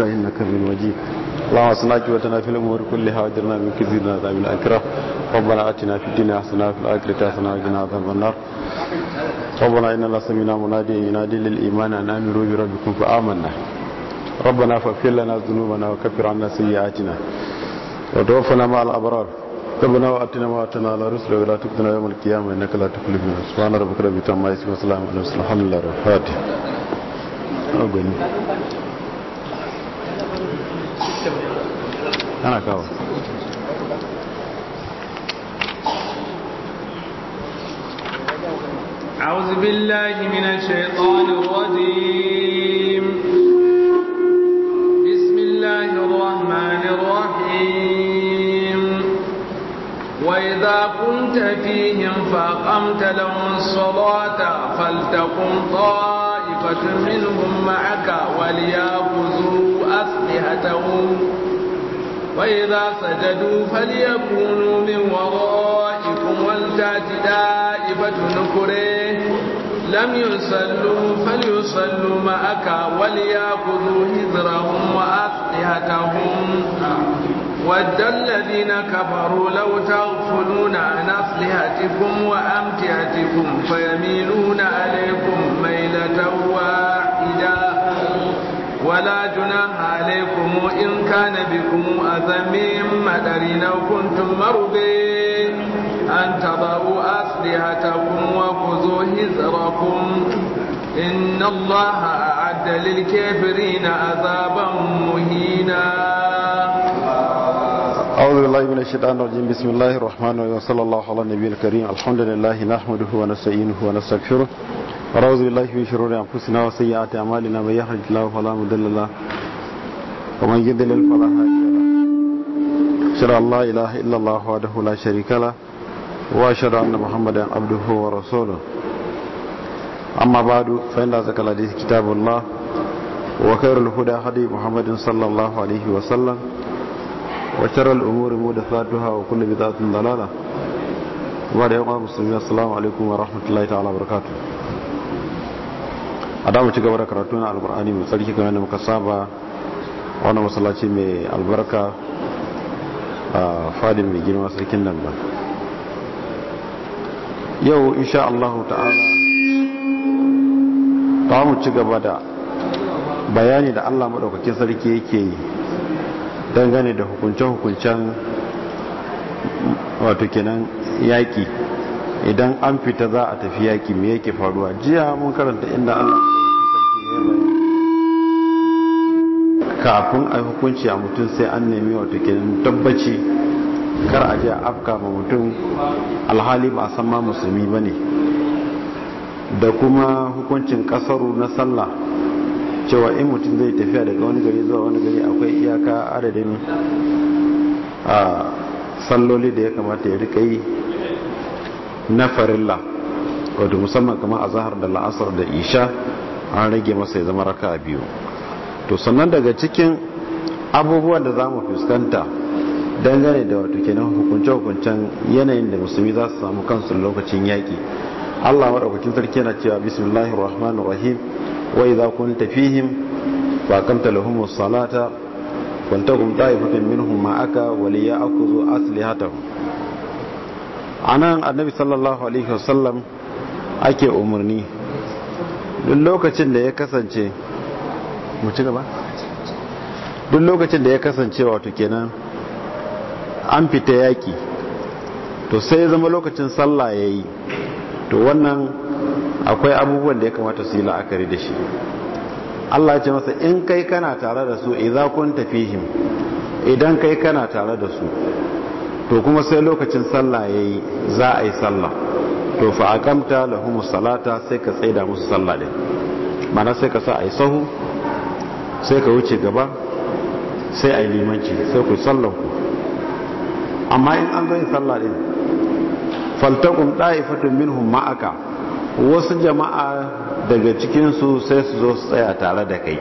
الكبر إنك من وجيه اللهم صل وسلم في الأمور كلها واجرنا من كثير من الأكرة ربنا آتنا في الدنيا حسنة في الآخرة حسنة وقنا عذاب النار ربنا إن الله سمينا منادي ينادي للإيمان أن آمنوا بربكم فآمنا ربنا فاغفر لنا ذنوبنا وكفر عنا سيئاتنا وتوفنا مع الأبرار ربنا واتنا ما اتنا على رسل ولا تكتنا يوم القيامه انك لا تخلف سبحان ربك رب العزه عما يصفون وسلام على المرسلين الحمد لله رب العالمين ana kawo أعوذ بالله من الشيطان الرجيم بسم الله الرحمن الرحيم وإذا كنت فيهم فأقمت لهم الصلاة فلتقم طائفة منهم معك وليأخذوا أسلحتهم وإذا سجدوا فليكونوا من ورائكم ولتأت دائبة نكره لم يصلوا فليصلوا معك وليأخذوا حذرهم وأسلحتهم ود الذين كفروا لو تغفلون عن أسلحتكم وأمتعتكم فيميلون عليكم ميلة واحدة ولا جناح عليكم إن كان بكم أذى من مدر أو كنتم مرضي أن تضعوا أسلحتكم وخذوا هزركم إن الله أعد للكافرين عذابا مهينا أعوذ بالله من الشيطان الرجيم بسم الله الرحمن الرحيم وصلى الله على النبي الكريم الحمد لله نحمده ونستعينه ونستغفره ونعوذ بالله من شرور أنفسنا وسيئات أعمالنا من يهد الله فلا مضل له ومن يضلل فلا هادي له أشهد أن لا إله إلا الله وحده لا شريك له وأشهد أن محمدا عبده ورسوله أما بعد فإن أزكى الحديث كتاب الله وخير الهدى هدي محمد صلى الله عليه وسلم وشر الأمور مودفاتها وكل بدعة ضلالة وبعد يوم المسلمين السلام عليكم ورحمة الله تعالى وبركاته adamu ci gaba da karatun alkur'ani mai tsarki kamar yadda muka saba wani masallaci mai albarka a fadin mai girma sarkin nan ba yau insha Allah ta'ala ta mu ci gaba da bayani da Allah madaukakin sarki yake yi dangane da hukunce-hukuncen wato kenan yaƙi idan an fita za a tafi yaƙi me yake faruwa jiya mun karanta inda allah kafin a hukunci a mutum sai an nemi wato kenan tabbaci kar a je a afka ma mutum alhali ba a san ma musulmi ba ne da kuma hukuncin kasaru na sallah cewa in mutum zai tafiya daga wani gari zuwa wani gari akwai iyaka adadin a salloli da ya kamata ya rika yi na farilla wato musamman kamar a zahar da la'asar da isha an rage masa ya zama raka biyu to sannan daga cikin abubuwan da za mu fuskanta dangane da wato kenan hukunce-hukuncen yanayin da musulmi za su samu kansu lokacin yaƙi allah maɗaukacin sarki yana cewa bismillahirrahmanirrahim rahmanir وإذا كنت فيهم فأقمت لهم الصلاة فلتقم طائفة منهم معك وليأخذوا أسلحتهم anan annabi sallallahu alaihi wasallam ake umarni duk lokacin da ya kasance mu ci gaba duk lokacin da ya kasance wato kenan an fita yaki to sai ya zama lokacin sallah yayi to wannan akwai abubuwan da ya kamata su yi la'akari da shi Allah ce masa in kai kana tare da su idza kunta fihim idan kai kana tare da su to kuma sai lokacin sallah yayi za a yi sallah to fa aqamta lahumus salata sai ka tsaida musu sallah din mana sai ka sa a sahu sai ka wuce gaba sai a limanci sai ku sallah ku amma in an zo yin sallah din faltakun ɗa'ifatun minhum ma'aka wasu jama'a daga cikinsu sai su zo su tsaya tare da kai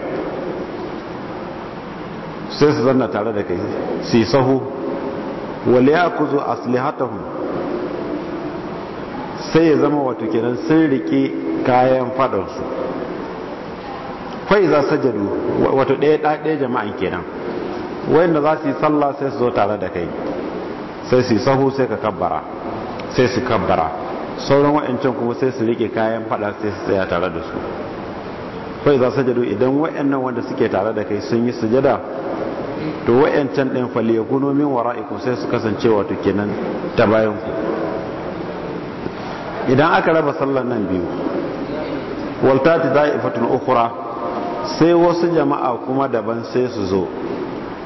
sai su zanna tare da kai su yi sahu wale ya kuzo aslihatahun sai ya zama wato kenan sun rike kayan fadansu kwai za su jadu wato ɗaya ɗaya jama'an kenan wayanda za su yi sallah sai su zo tare da kai sai su yi sahu sai ka kabbara sai su kabbara sauran wa'ancan kuma sai su rike kayan fada sai su tsaya tare da su kai za su jadu idan wa'annan wanda suke tare da kai sun yi sujada to wa'ancan din falyakuno min wara'ikum sai su kasance wato kenan ta bayan ku idan aka raba sallar nan biyu waltati da'ifatun ukhra sai wasu jama'a kuma daban sai su zo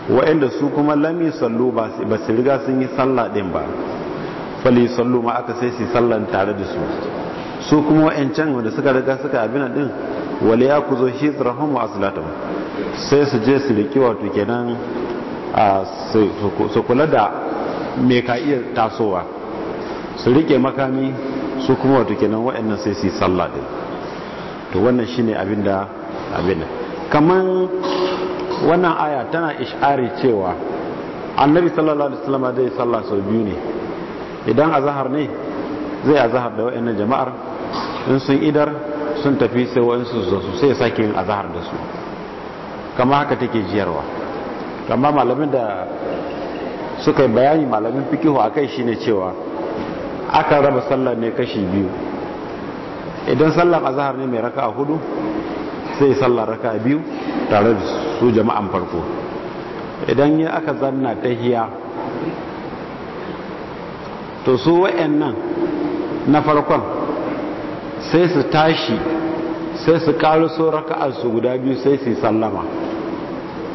wa'anda su kuma lam yusallu ba su riga sun yi sallah din ba fali sallu ma aka sai su sallan tare da su su kuma wa'ancan wanda suka riga suka abin din wali ya ku zo hizrahum wa aslatu sai su je su riki wato kenan a su kula da me ka iya tasowa su rike makami su kuma wato kenan wa'annan sai su salla din to wannan shine abin da abin kaman wannan aya tana ishari cewa annabi sallallahu alaihi wasallam zai sallah sau biyu ne idan azahar ne zai azahar da wa'annan jama'ar in sun idar sun tafi sai wa'ansu su su sai sake yin azahar da su kama haka take jiyarwa kama malamin da suka yi bayani malamin fikihu akai shine cewa aka raba sallar ne kashi biyu idan sallar azahar ne mai raka a hudu sai sallar raka biyu tare da su jama'an farko idan aka zanna ta hiya to su nan na farkon sai su tashi sai su a su guda biyu sai su yi sallama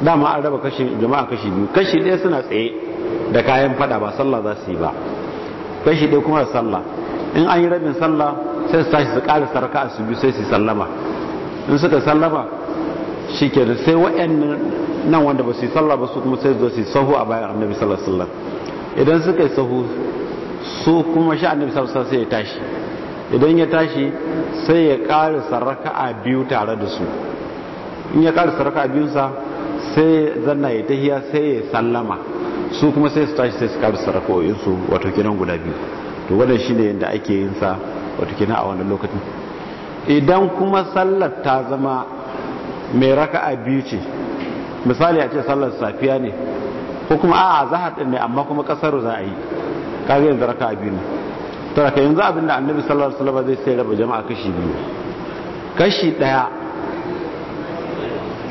dama an raba kashi jama'a kashi biyu kashi ɗaya suna tsaye da kayan fada ba sallah za su yi ba kashi ɗaya kuma da sallah in an yi rabin sallah sai su tashi su a su biyu sai su yi sallama in suka sallama shi ke da sai wa'annan nan wanda ba su yi sallah ba su kuma sai su zo su sahu a bayan annabi sallah sallah idan suka yi sahu su kuma shi annabi sallallahu sai ya tashi idan ya tashi sai ya sarraka a biyu tare da su in ya karisa raka'a biyu sa sai zanna ya tahiya sai ya sallama su kuma sai su tashi sai su sarraka a yinsu wato kiran guda biyu to wannan shine yadda ake yin sa wato kina a wannan lokacin idan kuma sallar ta zama mai raka a biyu ce misali a ce sallar safiya ne ko kuma a'a zahar din ne amma kuma kasaru za a yi kage yanzu raka biyu to raka yanzu abin da annabi sallallahu alaihi wasallam zai sai raba jama'a kashi biyu kashi daya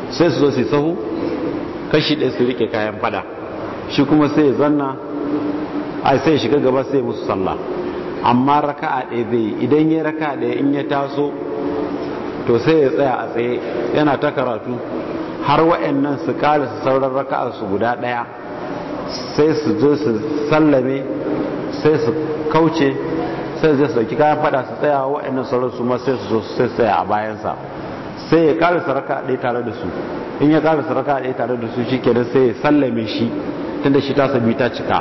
sai su zo su sahu kashi daya su rike kayan fada shi kuma sai ya zanna ai sai shiga gaba sai musu sallah amma raka'a daya zai idan ya raka'a daya in ya taso to sai ya tsaya a tsaye yana ta karatu har wa'annan su kala su sauran raka'a su guda daya. sai su zo su sallame sai su kauce sai zai su dauki kayan fada su tsaya wa'annan sauran su ma sai su zo sai tsaya a bayansa sai ya kare saraka ɗaya tare da su in ya kare saraka ɗaya tare da su shi kenan sai ya sallame shi tunda shi ta sami ta cika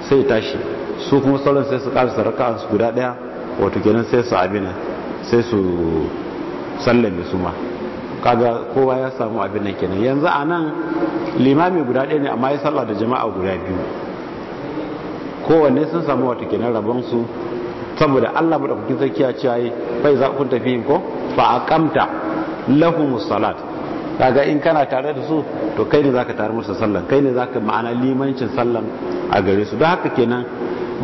sai ya tashi su kuma sauran sai su kare saraka su guda ɗaya wato kenan sai su abina sai su sallame su ma kaga kowa ya samu abin nan kenan yanzu a nan limami guda ɗaya ne amma ya sallah da jama'a guda biyu kowanne sun samu wata kenan su saboda allah maɗaukakin sarki ya ce yi bai za kun tafi ko fa kamta, lahumus salat kaga in kana tare da su to kai ne zaka tare musu sallan kai ne zaka ma'ana limancin sallan a gare su don haka kenan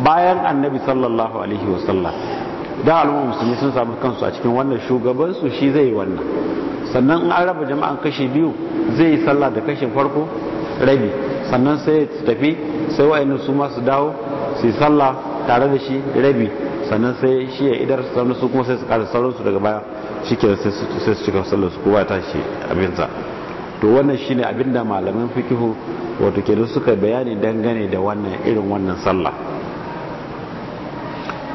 bayan annabi sallallahu alaihi wasallam da al'umma musulmi sun samu kansu a cikin wannan shugabansu shi zai yi wannan sannan in an raba jama'an kashi biyu zai yi sallah da kashin farko rabi sannan sai ya tafi sai wa'annan su masu dawo su yi sallah tare da shi rabi sannan sai shi ya idar sannan su kuma sai su ƙara sauransu daga baya shi ke sai su cika sallar su kuma ta shi abinsa to wannan shi ne abinda malaman fikihu wato ke da suka bayani dangane da wannan irin wannan sallah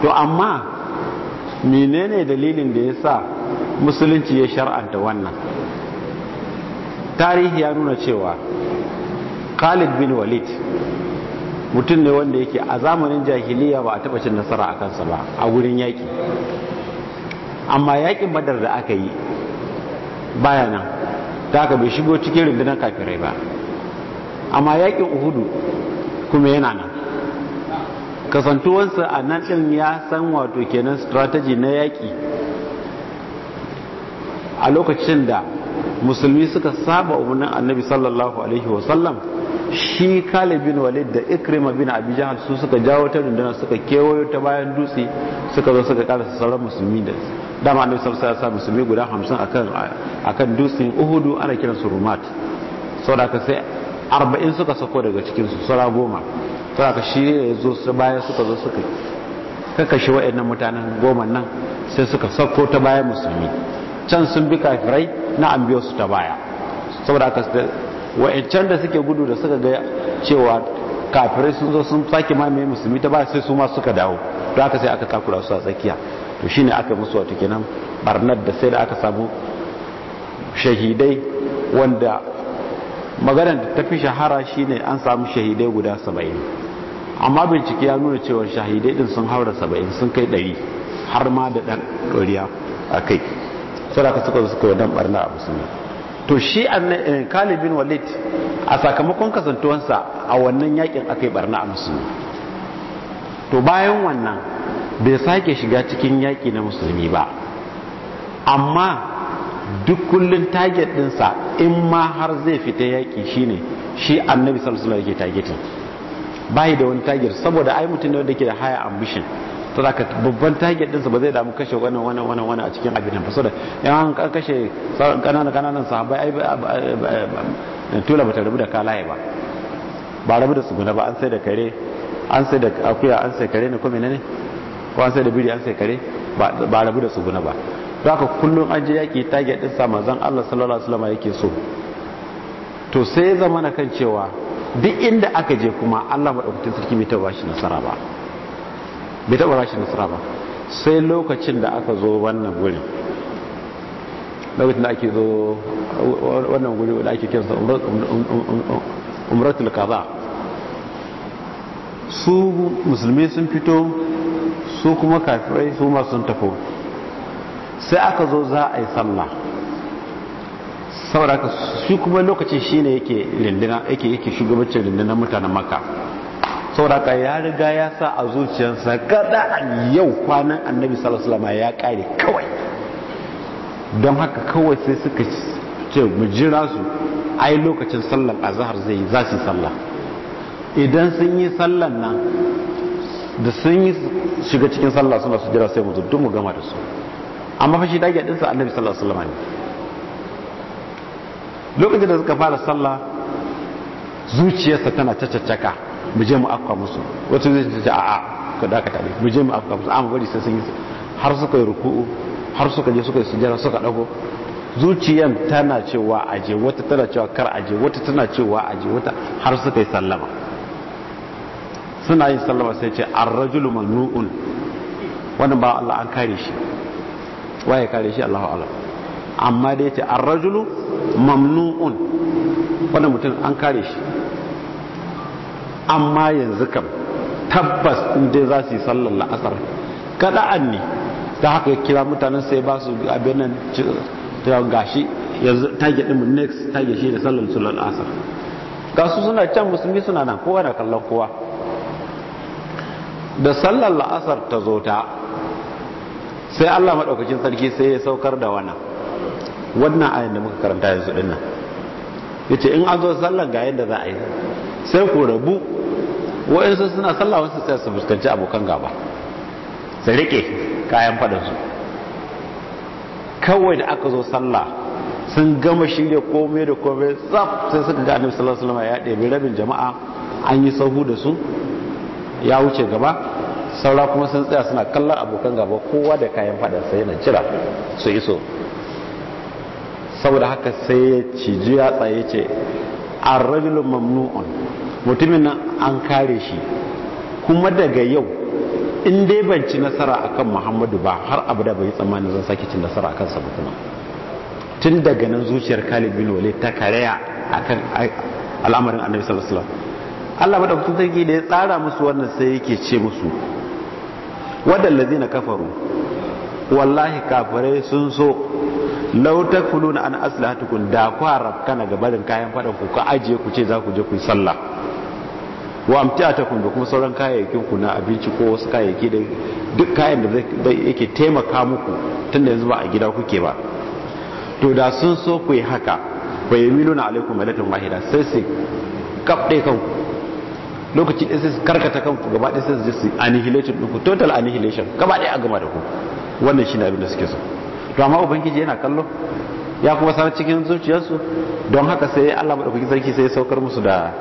to amma menene dalilin da ya sa musulunci ya shar'anta wannan tarihi ya nuna cewa khalid bin walid mutum ne wanda yake a zamanin jahiliya ba a taɓa cin nasara a kansa ba a wurin yaƙi amma yaƙin badar da aka yi bayanan ta aka bai shigo cikin rundunar kafirai ba amma yaƙin uhudu kuma yana nan kasantuwansa a nan ɗin ya san wato kenan strategy na yaƙi a lokacin da musulmi suka saba umarnin annabi sallallahu alaihi wasallam shi kalibin walid da ikrima bin abijan su suka jawo ta rundunar suka kewayo ta bayan dutse suka zo suka karasa sauran musulmi da dama annabi sallallahu alaihi wasallam musulmi guda hamsin a kan dutsen uhudu ana kiransu rumat sau da ka sai arba'in suka sako daga cikinsu sura goma to aka shi ya zo su bayan suka zo suka kakashe waɗannan mutanen goma nan sai suka sauko ta bayan musulmi can sun bi kafirai na an biyo su ta baya saboda aka wa'ancan da suke gudu da suka ga cewa kafirai sun zo sun sake mamaye musulmi ta baya sai su ma suka dawo to aka sai aka takura su a tsakiya to shine aka musu wato kenan barnar da sai da aka samu shahidai wanda maganar da ta fi shahara shine an samu shahidai guda saba'in amma bincike ya nuna cewa shahidai din sun haura saba'in sun kai ɗari har ma da ɗan ɗoriya a kai saraka suka suka yi barna a musulmi to shi eh, kalibin walid a sakamakon kasantuwansa a wannan yakin akai yi barna a musulmi to bayan wannan bai sake shiga cikin yaki na musulmi ba amma duk kullun target ɗinsa in ma har zai fita yaki shine shi annabi sallallahu alaihi wasallam yake targeting bai da wani tagir saboda ai mutum ne wanda ke da higher ambition to zaka babban target ɗinsa ba zai damu kashe wannan wannan wannan wannan a cikin abin nan ba saboda yan an kashe kananan kananan sahabbai ai tula bata rabu da kalaye ba ba rabu da tsuguna ba an sai da kare an sai da akuya an sai kare ne ko menene ko an sai da biri an sai kare ba rabu da tsuguna ba zaka ka kullum an je yaƙi target ɗinsa manzon Allah sallallahu alaihi wasallam yake so to sai zama na kan cewa duk inda aka je kuma Allah madaukakin sarki bai taba shi nasara ba bai taba shi nasara ba sai lokacin da aka zo wannan guri lokacin da ake zo wannan guri da ake kiransa umaratul um, um, um, kaza su musulmi sun fito su kuma kafirai su ma sun tafi sai aka zo za a yi sallah saboda shi kuma lokacin shine yake rindina yake yake shugabancin rindina mutanen makka saboda ya riga ya sa a zuciyarsa kada yau kwanan annabi sallallahu ya kare kawai don haka kawai sai suka ce mu jira su ai lokacin sallar azhar zai za su sallah idan sun yi sallar nan da sun yi shiga cikin sallah suna su jira sai mu zo mu gama da su amma fashi dage sa annabi sallallahu alaihi wasallam ne lokacin da suka fara sallah zuciyarsa tana caccaka mu je mu afka musu wata zai ce a'a ka dakata ne mu je mu afka musu amma bari sai sun yi har suka yi ruku'u har suka je suka yi sujjara suka dago zuciyan tana cewa aje wata tana cewa kar aje wata tana cewa aje wata har suka yi sallama suna yin sallama sai ce ar-rajulu mamnu'un wannan ba Allah an kare shi waye kare shi Allahu a'lam amma da ce ar-rajulu mamnu'un wannan mutum an kare shi amma yanzu kam tabbas inda za su yi sallar la'asar kada'an ne ta haka kira mutanen sai ba su abin nan gashi yanzu tage ɗin next tage shi da sallar sulan asar ga su suna can musulmi suna nan kowa na kallon kowa da sallar la'asar ta zo ta sai allah maɗaukacin sarki sai ya saukar da wannan wannan ayan da muka karanta yanzu din nan yace in an zo sallar ga yadda za a yi sai ku rabu wa'ansu suna sallah wasu sai su fuskanci abokan gaba su rike kayan fadansu kawai da aka zo sallah sun gama shirya komai da komai tsaf sai suka ga annabi sallallahu alaihi ya ɗebi rabin jama'a an yi sahu da su ya wuce gaba saura kuma sun tsaya suna kallon abokan gaba kowa da kayan fadansa yana jira su iso saboda haka sai ya ciji ya tsaye ce rajulun mamnu'un mutumin nan an kare shi kuma daga yau in dai ban ci nasara akan muhammadu ba har abu da bai tsammanin zan sake cin nasara akan sabu kuma tun daga nan zuciyar khalid bin Wale ta karaya akan al'amarin annabi sallallahu Allah madaukakin sarki da ya tsara musu wannan sai yake ce musu wadallazina kafaru wallahi kafirai sun so kulu na an aslahatukum da kwarar kana gabarin kayan fadar ku ka ajiye ku ce za ku je ku yi sallah wa takun da kuma sauran kayayyakin ku na abinci ko wasu kayayyaki da duk kayan da zai yake taimaka muku tun da yanzu ba a gida kuke ba to da sun so ku yi haka milo na alaikum malatun wahida sai su kafde kanku lokaci ɗaya sai su karkata kanku gaba ɗaya sai su je su annihilation ɗinku total annihilation gaba ɗaya a gama da ku wannan shi ne abin da suke so to amma ubangiji yana kallo ya kuma sanar cikin zuciyarsu don haka sai Allah madaukaki sarki sai saukar musu da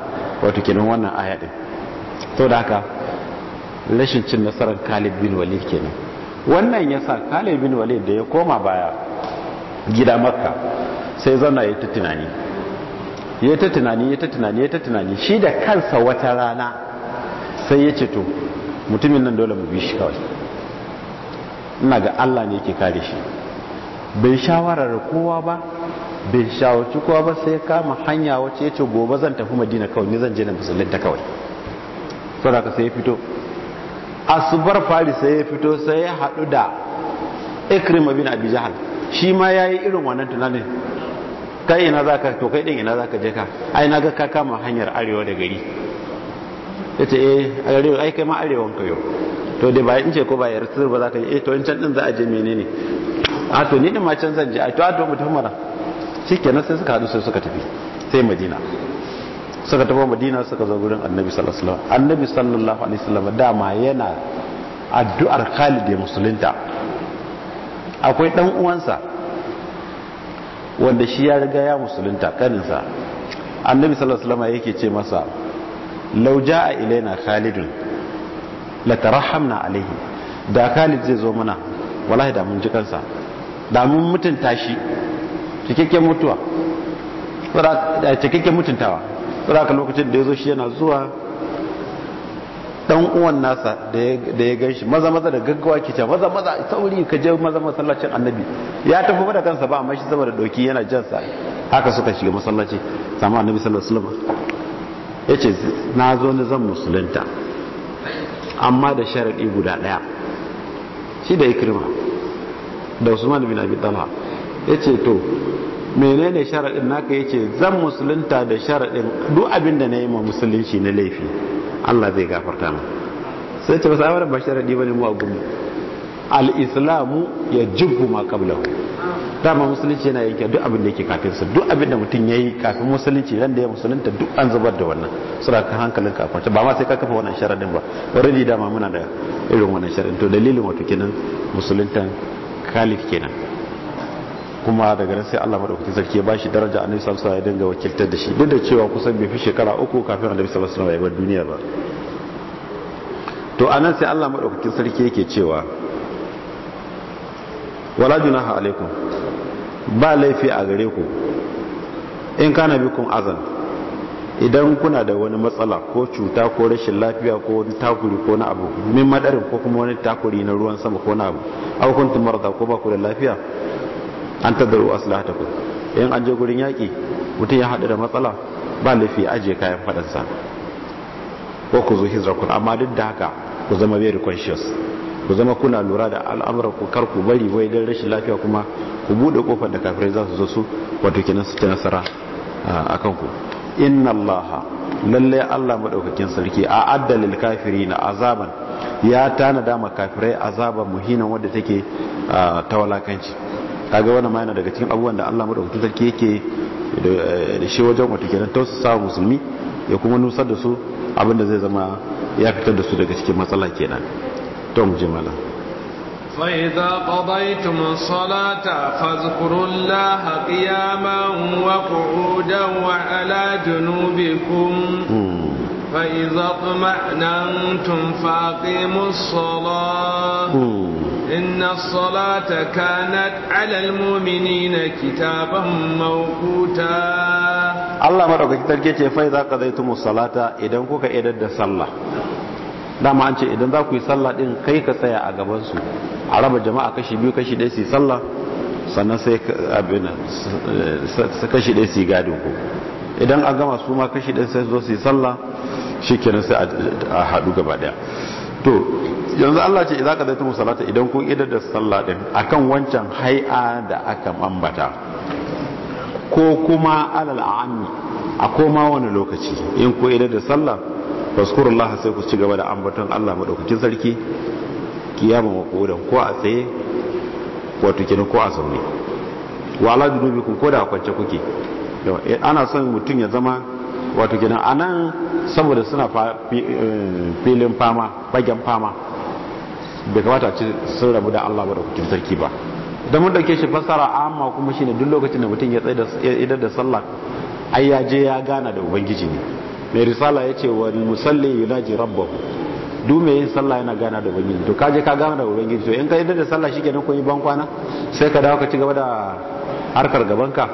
wato kenan wannan aya din to da haka rashin cin nasarar Khalid bin Walid kenan wannan yasa Khalid bin Walid da ya koma baya gida Makka sai zauna ya ta tunani ya ta tunani ya ta tunani ya ta tunani shi da kansa wata rana sai ya ce to mutumin nan dole mu bi shi kawai ina ga Allah ne yake kare shi bai shawarar kowa ba bai shawarci kowa ba sai kama hanya wacce ya ce gobe zan tafi madina kawai ni zan je na ta kawai saboda sai ya fito asubar fari sai ya fito sai ya haɗu da ikirin bin abi shi ma ya yi irin wannan tunanin kai ina za ka to kai ɗin ina za ka je ka ai na ga ka kama hanyar arewa da gari ya ce eh arewa ai kai ma arewan ka yau to da ba in ce ko ba ya rasu ba za ka yi eh to in can ɗin za a je menene a to ni da ma can zan je a to a to mu tafi mara shikenan sai suka hadu sai suka tafi sai madina suka tafi madina suka zo gurin annabi sallallahu alaihi wasallam annabi sallallahu alaihi wasallam dama yana addu'ar Khalid musulunta akwai dan uwansa wanda shi ya riga ya musulunta kaninsa annabi sallallahu alaihi wasallam yake ce masa law jaa ilaina Khalidun la tarahamna alaihi da Khalid zai zo mana wallahi da mun ji kansa da mun mutunta shi cikakken mutuwa eh, cikakken mutuntawa saboda haka lokacin da ya zo shi yana zuwa dan uwan nasa da ya gan shi maza maza da gaggawa ke ce maza maza sauri ka je maza masallacin annabi ya tafi ba da kansa ba amma shi da doki yana jansa haka suka shiga masallaci sama annabi sallallahu alaihi wasallam yace na zo ni zan musulunta amma da sharaɗi guda ɗaya shi da ikrima da usman bin abi talha yace to menene sharadin naka yace zan musulunta da sharadin duk abin da nayi ma musulunci na laifi Allah zai gafarta mu sai ce ba sa ba sharadi bane mu a gumu al-islamu yajibu ma qablahu dama musulunci yana yanke duk abin da yake kafin sa duk abin da mutum yayi kafin musulunci ran da ya musulunta duk an zubar da wannan sura ka hankalin ka kwance ba ma sai ka kafa wannan sharadin ba already dama muna da irin wannan sharadin to dalilin wato kenan musuluntan khalif kenan kuma daga nan sai Allah madaukakin sarki ya bashi daraja annabi sallallahu alaihi wasallam ya dinga wakiltar da shi duk da cewa kusan bai fi shekara uku kafin annabi sallallahu alaihi wasallam ya bar duniya ba to anan sai Allah madaukakin sarki yake cewa wala junaha alaikum ba laifi a gare ku in kana bikum azan idan kuna da wani matsala ko cuta ko rashin lafiya ko wani takuri ko na abu min madarin ko kuma wani takuri na ruwan sama ko na abu aw kuntum marda ko ba da lafiya an tadaru aslahatakum in an je gurin yaki mutum ya haɗu da matsala ba lafi aje kayan fadansa ko ku zo hijrakun amma duk da haka ku zama very conscious ku zama kuna lura da al'amuran ku kar ku bari wai dan rashin lafiya kuma ku bude kofar da kafirai za su zo su wato kenan su ci nasara a kanku inna allaha lalle allah madaukakin sarki a addalil kafirina azaban ya tana dama kafirai azaba muhinan wadda take tawalakanci walakanci kaga wannan ma yana daga cikin abubuwan da allah madaukakin sarki yake da shi wajen wata kenan sa musulmi ya kuma nusar da su abinda zai zama ya fitar da su daga cikin matsala kenan to mu je malam وإذا قَضَيْتُمُ الصَّلَاةَ فَاذْكُرُوا اللَّهَ قِيَامًا وَقُعُودًا وَعَلَى جُنُوبِكُمْ فَإِذَا اطْمَأْنَنْتُمْ فَأَقِيمُوا الصَّلَاةَ إِنَّ الصَّلَاةَ كَانَتْ عَلَى الْمُؤْمِنِينَ كِتَابًا مَّوْقُوتًا الله مرحبا كتاب كيف فإذا قضيتم الصلاة إذا كنت إذا صلى dama an ce idan za ku yi sallah din kai ka tsaya a gabansu su a raba jama'a kashi biyu kashi ɗaya su yi sallah sannan sai kashi ɗaya su yi gadin ku idan a gama su ma kashi ɗaya sai zo su yi sallah shi kenan sai a haɗu gaba ɗaya to yanzu Allah ce za ka zai tumu salata idan kun ida da sallah din akan wancan hai'a da aka ambata ko kuma alal a koma wani lokaci in ku ida da sallah laha sai ku ci gaba da ambaton Allah madaukakin sarki kiyama makodan ko a tsaye wato kenan ko a zaune wa ala dunubikum ko da kwance kuke ana son mutum ya zama wato a nan saboda suna eh, filin fama bagen fama bai kamata ci sun rabu da Allah madaukakin sarki ba Don mun ɗauke shi fassara amma kuma shine duk lokacin da mutum ya tsaye idar da sallah ai ya je ya gana da ubangiji ne mai risala ya ce wani musalli yunaji rabbahu duk mai yin sallah yana gana da ubangiji to kaje ka gana da ubangiji to in ka yadda da sallah shi kenan koyi ban kwana sai ka dawo ka ci gaba da harkar gabanka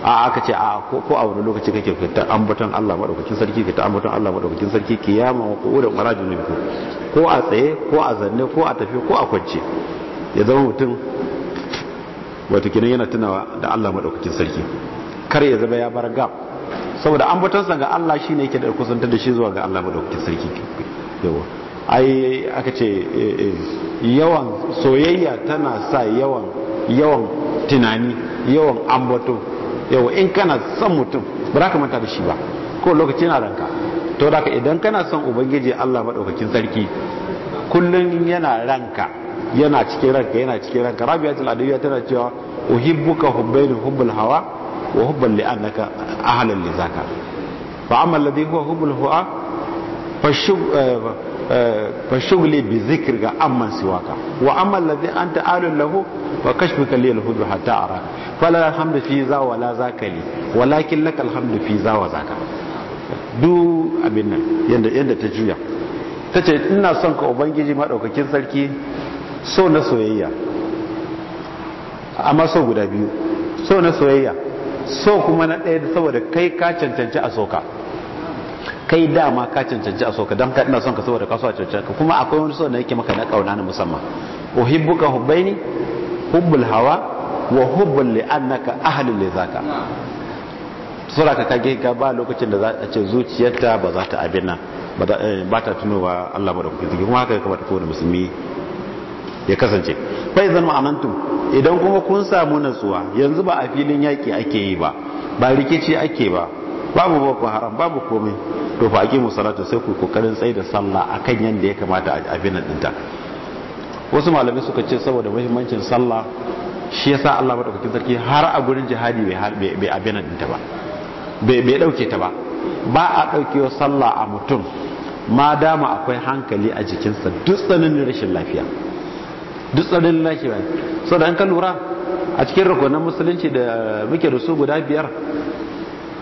a aka ce a ko a wani lokaci kake ka ambaton Allah madaukakin sarki ka ta ambaton Allah madaukakin sarki kiyama wa qu'udan wa rajulun ko a tsaye ko a zanne ko a tafi ko a kwance ya zama mutum wato kenan yana tunawa da Allah madaukakin sarki kar ya zama ya bar gab saboda an ambatonsa ga Allah shi ne yake da kusantar da shi zuwa ga Allah madaukakin sarki yawa ai aka ce eh, eh, yawan soyayya tana sa yawan yawan tunani yawan ambato yawa in kana son mutum ba za ka manta da shi ba ko lokaci na ranka to da ka idan kana son ubangiji Allah madaukakin sarki kullun yana ranka yana cikin ranka yana cikin ranka rabi'atul tana cewa uhibbuka hubbayni hubbul hawa wa hubban li annaka ahlan li zaka fa amma alladhi huwa hubbul hu'a fa shughli eh, eh, bi dhikrika amma siwaka wa amma alladhi anta alun lahu wa kashfuka li al-hudu hatta fa la alhamdu fi za wa la zaka li walakin laka alhamdu fi za wa zaka du abin nan yanda yanda ta juya tace ina son ka ubangiji daukakin sarki so na soyayya amma so guda biyu so na soyayya so kuma na ɗaya saboda kai ka cancanci a soka kai dama ka cancanci a soka don ka ina son ka saboda ka so a cancanci kuma akwai wani so da yake maka na kauna na musamman uhibbuka hubbaini hubbul hawa wa hubbul li annaka ahlul li zaka sura ka kage ka ba lokacin da za a ce zuciyarta ba za ta abin nan ba eh, ta ba Allah madaukakin sarki kuma haka ya kamata kowane musulmi ya kasance sai zan idan kuma kun samu natsuwa yanzu ba a filin yaƙi ake yi ba ba rikici ake ba babu boko haram babu komai to fa ake musalata sai ku kokarin tsaye da sallah akan yanda ya kamata a abin dinta wasu malamai suka ce saboda muhimmancin sallah shi yasa Allah madaukakin sarki har a gurin jihadi bai abin dinta ba bai dauke ta ba ba a dauke sallah a mutum ma dama akwai hankali a jikinsa duk rashin lafiya duk tsarin laki ba saboda an kan lura a cikin rukunan musulunci da muke da su guda biyar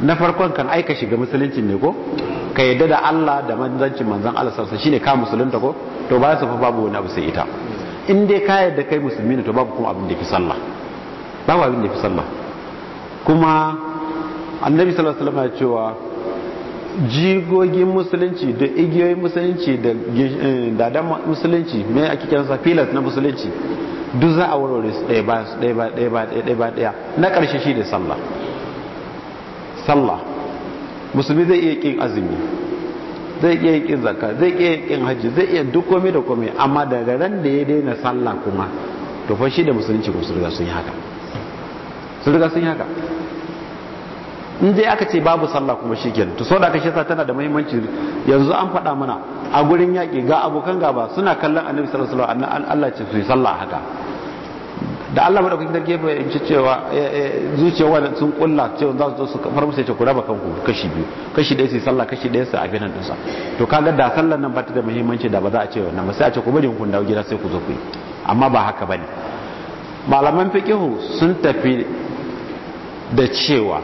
na farkon kan aika shiga musulunci ne ko ka yadda da Allah da manzancin manzan Allah sarsa shine ka musulunta ko to ba su fa babu wani abu sai ita in dai ka yadda kai musulmi ne to babu kuma abin da fi sallah babu abin da fi sallah kuma annabi sallallahu alaihi wasallam ya cewa jigogin musulunci da igiyoyin musulunci da eh, dadan musulunci me ake kiransa filas na musulunci duk za a warware su ɗaya ba ɗaya ba ɗaya ba ɗaya ba ɗaya na ƙarshe shi da sallah sallah musulmi zai iya ƙin azumi zai iya ƙin zakka zai iya ƙin hajji zai iya duk komai da komai amma daga ran da ya daina sallah kuma to fa shi da musulunci ko su riga sun yi haka sun riga sun yi haka in dai aka ce babu sallah kuma kenan to saboda da kashe yasa tana da muhimmanci yanzu an faɗa mana a gurin yaƙi ga abokan gaba suna kallon annabi sallallahu alaihi wasallam Allah ce su yi sallah haka da Allah madaukakin sarki in ce cewa zuciyar wannan sun kulla cewa za su zo su far musu ce ku raba kanku kashi biyu kashi ɗaya su sallah kashi ɗaya su abin nan dinsa to kaga da sallar nan ba ta da muhimmanci da ba za a ce wannan ba sai a ce ku bari kun dawo gida sai ku zo ku yi amma ba haka bane malaman fiƙihu sun tafi da cewa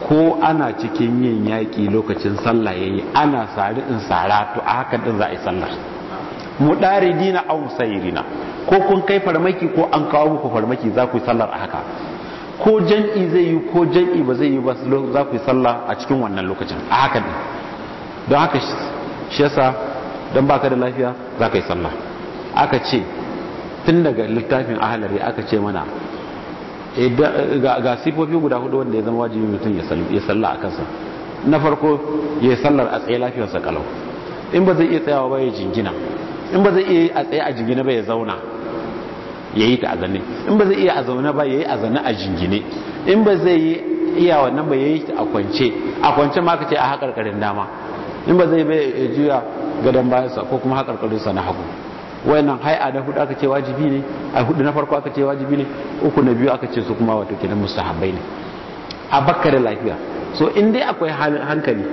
ko ana cikin yin yaƙi lokacin sallah ya yi ana sari in tsara to a haka din za a yi sallah mu mudaridina aw musayirina ko kun kai farmaki ko an kawo muku farmaki za ku yi sallar a haka ko jan'i zai yi ko jan'i ba zai yi ba za ku yi sallah a cikin wannan lokacin a haka din don haka shi yasa don baka da lafiya za ka yi sallah aka ce tun daga littafin ahalari aka ce mana Eh, ga sifofi guda hudu wanda ya zama wajibi mutum ya salla a kansa na farko ya sallar a tsaye lafiyarsa kalau in ba zai iya tsayawa ba ya jingina in ba zai iya a tsaye a jingina ba ya zauna ya yi ta a zane in ba zai iya a zaune ba ya yi a zane a jingine in ba zai yi iya wannan ba ya yi ta a kwance a kwance ma ka ce a haƙarƙarin dama in ba zai bai juya gadon bayansa ko kuma haƙarƙarinsa na hagu wayannan hai'a da hudu aka ce wajibi ne a hudu na farko aka ce wajibi ne uku na biyu aka ce su kuma wato kenan mustahabbai ne a lafiya so in dai akwai hankali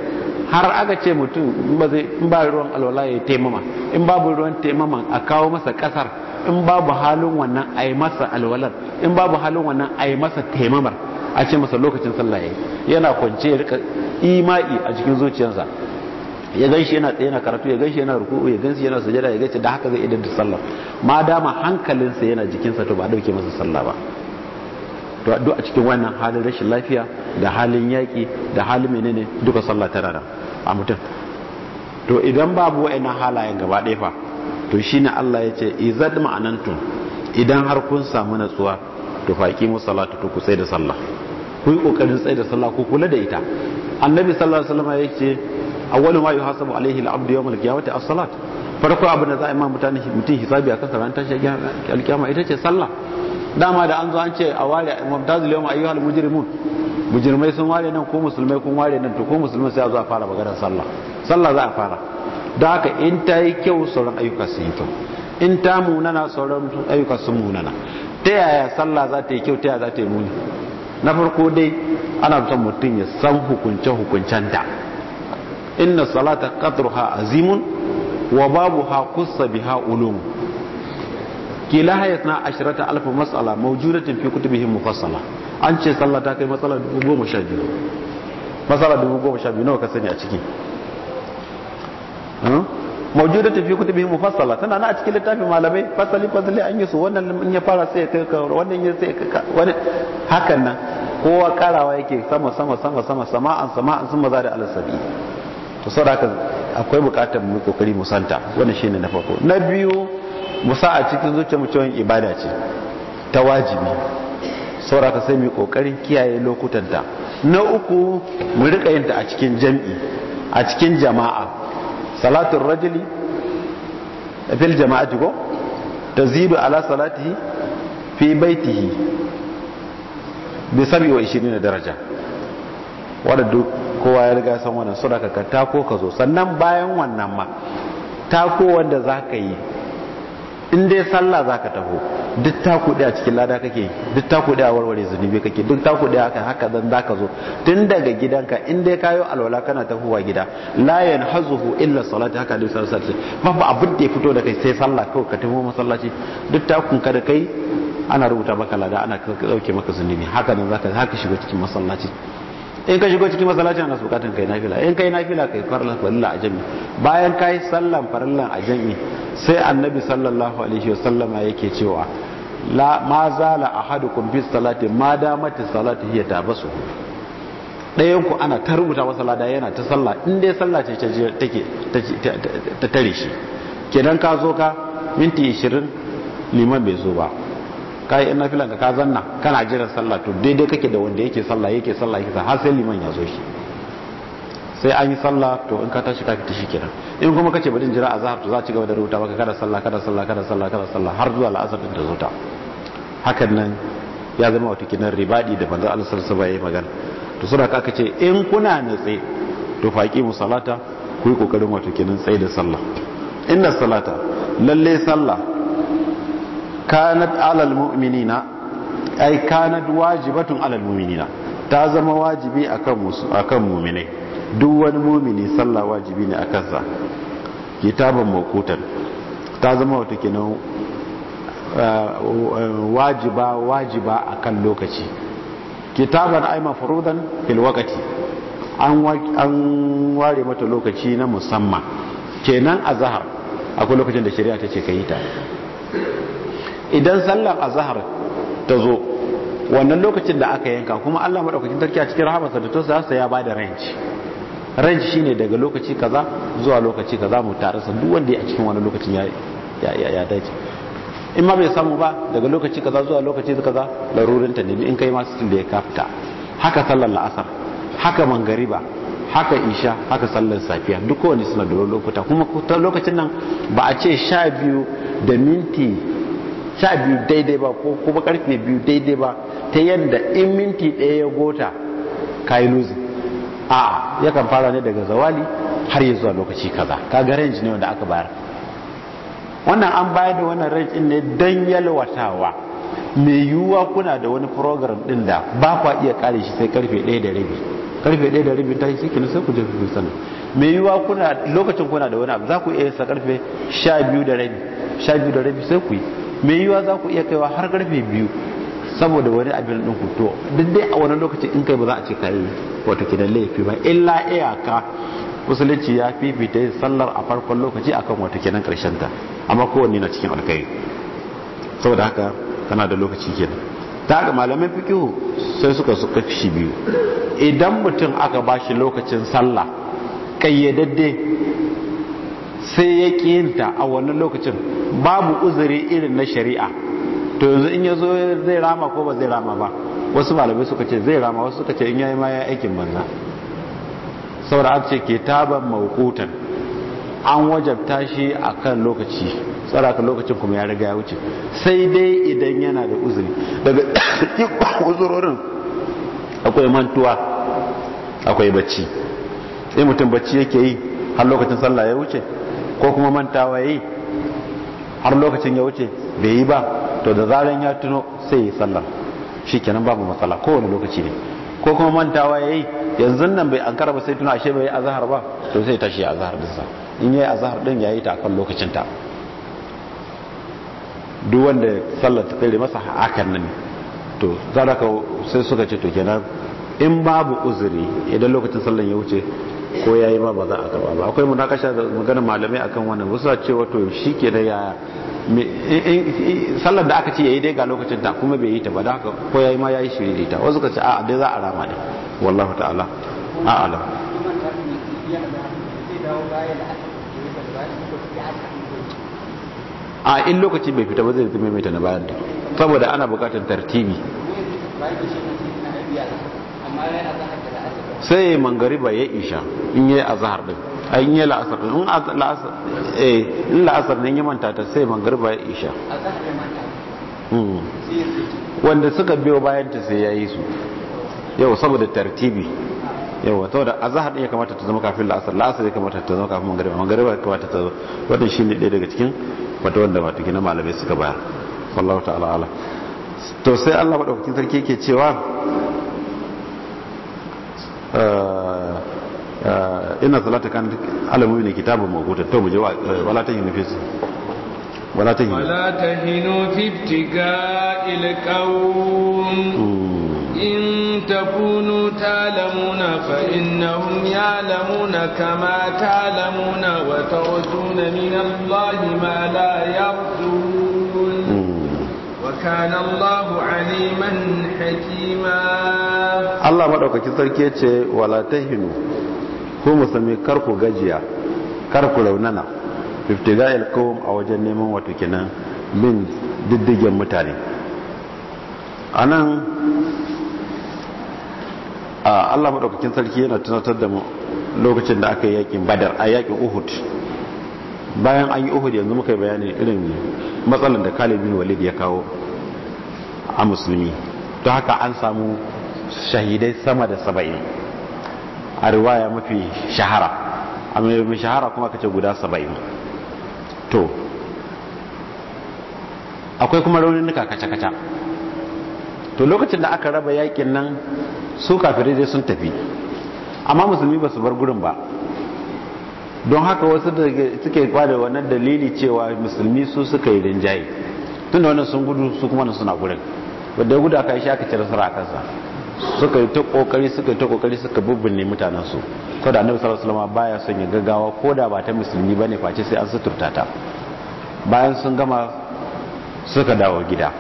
har aka ce mutum ba zai in ba ruwan alwala ya taimama in babu ruwan taimaman a kawo masa kasar in babu halin wannan a yi masa alwalar in babu halin wannan a yi masa taimamar a ce masa lokacin sallah yayi yana kwance ya rika imai a cikin zuciyarsa ya ganshi yana tsaye yana karatu ya ganshi yana ruku'u ya ganshi yana sujada ya ganshi da haka zai idan da sallar ma dama hankalinsa yana jikinsa to ba dauke masa sallah ba to duk a cikin wannan halin rashin lafiya da halin yaki da halin menene duka sallah ta da a mutum to idan babu wa'annan halayen gaba ɗaya fa to shine Allah ya ce izad ma'anantum idan har kun samu natsuwa to faƙi mu salatu to ku tsaye da sallah ku yi kokarin tsaye da sallah ku kula da ita annabi sallallahu alaihi wasallam ya ce awwalu ma yuhasabu Alayhi al-abdu yawm al-qiyamati as-salat farko abin da za a yi ma mutane mutum hisabi akan sa ran tashi alkiyama ita ce sallah dama da an zo an ce a ware mumtazil yawm ayyuhal mujrimun mujrimai sun ware nan ko musulmai kun ware nan to ko musulmai sai a zo a fara maganar sallah sallah za a fara da haka in ta yi kyau sauran ayyuka su yi kyau in ta munana sauran ayyuka sun munana ta yaya sallah za ta yi kyau ta yaya za ta yi muni na farko dai ana son mutum ya san hukunce hukuncen da inna salata qadruha azimun wa babuha qussa biha ulum kila hayatna ashrata alf mas'ala mawjudatin fi kutubihim mufassala an ce sallah ta kai matsala dubu goma sha biyu matsala dubu goma sha biyu nawa ka sani a ciki mawjuda tafi kutubi mufassala tana na a cikin littafin malamai fasali fasali an yi su wannan in ya fara sai ka kawo wannan ya sai ka wani hakan nan kowa karawa yake sama sama sama sama sama'an sama'an sun maza da alasabi to saboda akwai bukatar mu kokari mu santa wannan shine na farko na biyu mu sa a cikin zuciyar mu cewa ibada ce ta wajibi saboda ka sai mu kokarin kiyaye lokutan ta na uku mu rika yin ta a cikin jami'i a cikin jama'a salatul rajuli fil jama'ati ko tazidu ala salatihi fi baitihi bi 27 daraja wadda duk kowa ya riga san wannan sura ka ko ka zo sannan bayan wannan ma ta ko wanda za ka yi in dai sallah za ka taho duk tako ɗaya cikin lada kake duk tako ɗaya warware zunubi kake duk tako ɗaya haka haka zan za ka zo tun daga gidanka in dai kayo alwala kana tahowa gida layan hazuhu illa salati haka dai sallah ce abin da ya fito da kai sai sallah kawai ka taho masallaci duk takun ka da kai ana rubuta maka lada ana ɗauke maka zunubi haka nan za ka shiga cikin masallaci in ka shigo cikin masallaci ana bukatan kai nafila in kai nafila kai farlan farlan a jam'i bayan kai sallan farlan a jam'i sai annabi sallallahu alaihi wasallama yake cewa la ma zala ahadukum fi salati ma damati salati hiya tabasu ɗayan ku ana ta rubuta masa lada yana ta sallah in dai sallah ce take ta tare shi kenan ka zo ka minti 20 liman bai zo ba kai ina filan ka ka zanna kana jiran sallah to daidai kake da wanda yake sallah yake sallah yake har sai liman ya zo shi sai an yi sallah to in ka tashi ka fita kenan in kuma kace bari jira azhar to za ci gaba da rubuta maka kada sallah kada sallah kada sallah kada sallah har zuwa la'asar da zo ta hakan nan ya zama wata kinan ribadi da manzo Allah sallallahu alaihi magana to suna ka kace in kuna tsaye to faqi musallata ku yi kokarin wato kinan tsaye da sallah inna salata lalle sallah kanat alal mu'minina ai kanat wajibatun alal mu'minina ta zama wajibi akan akan mu'minai duk wani mu'mini sallah wajibi ne akan sa kitabun mawqutan ta zama wata kenan eh, wajiba wajiba akan lokaci kitaban ay mafrudan fil waqti an ware mata lokaci na musamman kenan azhar akwai lokacin da shari'a ta ce ka yi ta idan sallar azhar ta zo wannan lokacin da aka yanka kuma Allah madaukakin sarki a cikin rahamarsa da tosa ya bada range range shine daga lokaci kaza zuwa lokaci kaza mu tare sa duk wanda ya cikin wani lokacin ya ya dace in ma bai samu ba daga lokaci kaza zuwa lokaci kaza ta ne in kai ma sitin da ya kafta haka sallar la'asar haka mangariba haka isha haka sallar safiya duk kowane suna da lokuta kuma lokacin nan ba a ce sha biyu da minti sha biyu daidai ba ko kuma karfe biyu daidai ba ta yadda in minti ɗaya ya gota ka yi luzi a yakan fara ne daga zawali har yi zuwa lokaci kaza ka ga range ne wanda aka bayar wannan an bayar da wannan range ne don yalwatawa mai yiwuwa kuna da wani program ɗin da ba kwa iya kare shi sai karfe ɗaya da rabi karfe ɗaya da rabi ta yi sai sai ku je ku sanin mai yiwuwa kuna lokacin kuna da wani abu za ku iya sa karfe sha biyu da rabi sha biyu da rabi sai ku yi mai yiwa za ku iya kaiwa har karfe biyu saboda wani abin ɗin ku to duk dai a wani lokacin in kai ba za a ce ka yi wata kidan laifi ba illa iyaka musulunci ya fifita yin sallar a farkon lokaci akan wata kenan karshen ta amma kowanne na cikin alkai saboda haka kana da lokaci kenan ta ga malamai fikihu sai suka suka kashi biyu idan mutum aka bashi lokacin sallah kayyadadde sai ya ƙinta a wannan lokacin babu uzuri irin na shari'a to yanzu in ya zo zai rama ko ba zai rama ba wasu malamai suka ce zai rama wasu suka ce in yayi ma ya aikin banza saboda an ce kitaban mawqutan an wajabta shi akan lokaci tsara kan lokacin kuma ya riga ya wuce sai dai idan yana da uzuri daga uzurorin akwai mantuwa akwai bacci sai mutum bacci yake yi har lokacin sallah ya wuce ko kuma mantawa yi har lokacin ya wuce bai yi ba to da zaran ya tuno sai yi sallar shi kenan babu matsala kowane lokaci ne ko kuma mantawa ya yi yanzu nan bai ankara ba sai tuno ashe bai yi azahar ba to sai tashi azahar dinsa in yi azahar din ya yi ta lokacin lokacinta duk wanda sallar ta tsere masa hakan nan to zaraka sai suka ce to kenan in babu uzuri idan lokacin sallar ya wuce ko ya yi ba ba za a karba ba akwai munakasha da maganar malamai akan wannan wasu ce wato shi ke da ya sallar da aka ce ya yi dai ga lokacin ta kuma bai yi ta ba da haka ko ya yi ma ya yi shiri ta wasu ka ce a dai za a rama ne wallahu ta'ala a ala a in lokaci bai fita ba zai zama mai ta na bayan ta saboda ana bukatar tartibi amma sai ya mangariba ya isha in yi zahar din a yi la'asar eh, in la'asar ne ya manta ta sai mangariba ya isha hmm. wanda suka biyo bayan ta sai ya yi su yau saboda tartibi yau wata wadda azahar ɗin ya kamata ta zama kafin la'asar la'asar ya kamata ta zama kafin mangariba mangariba ya kamata ta zama wadda shi ne ɗaya daga cikin wata wanda ba na malamai suka bayar wallahu ta'ala ala to sai allah maɗaukakin sarki yake cewa Eh, eh, inna salata kan alamu ne kitabun mawquta to mu je eh, wala ta hinu fis wala ta hinu wala ta hinu fiftika ilqawm إن تكونوا تعلمون فإنهم kama كما تعلمون وترجون من الله ما لا يرجون وكان الله عليما حكيما الله مدوكاkin sarki yace wala tahinu هو musulmi كركو غجيا gajiya لوننا ku raunana ibtiga'il qawm a wajen neman من kenan متاني diddigen mutane Allah maɗaukakin sarki yana tunatar da mu lokacin da aka yi yakin Badar a yakin Uhud bayan an yi Uhud yanzu muka yi bayanin irin matsalar da Khalid bin Walid ya kawo a musulmi don haka an samu shahidai sama da saba'in a riwaya mafi shahara a mai shahara kuma kace guda saba'in to akwai kuma raunuka kaca-kaca to lokacin da aka raba yakin nan su kafirai dai sun tafi amma musulmi ba su bar gurin ba don haka wasu da suke kwada wannan dalili cewa musulmi su suka yi rinjaye tun da wannan sun gudu su kuma suna gurin wadda ya guda kai shi aka cire nasara a kansa suka yi ta kokari suka yi ta kokari suka bubbune mutanen su ko da annabi sallallahu alaihi wasallam baya son ya gaggawa ko da ba ta musulmi bane face sai an suturta ta bayan sun gama suka dawo gida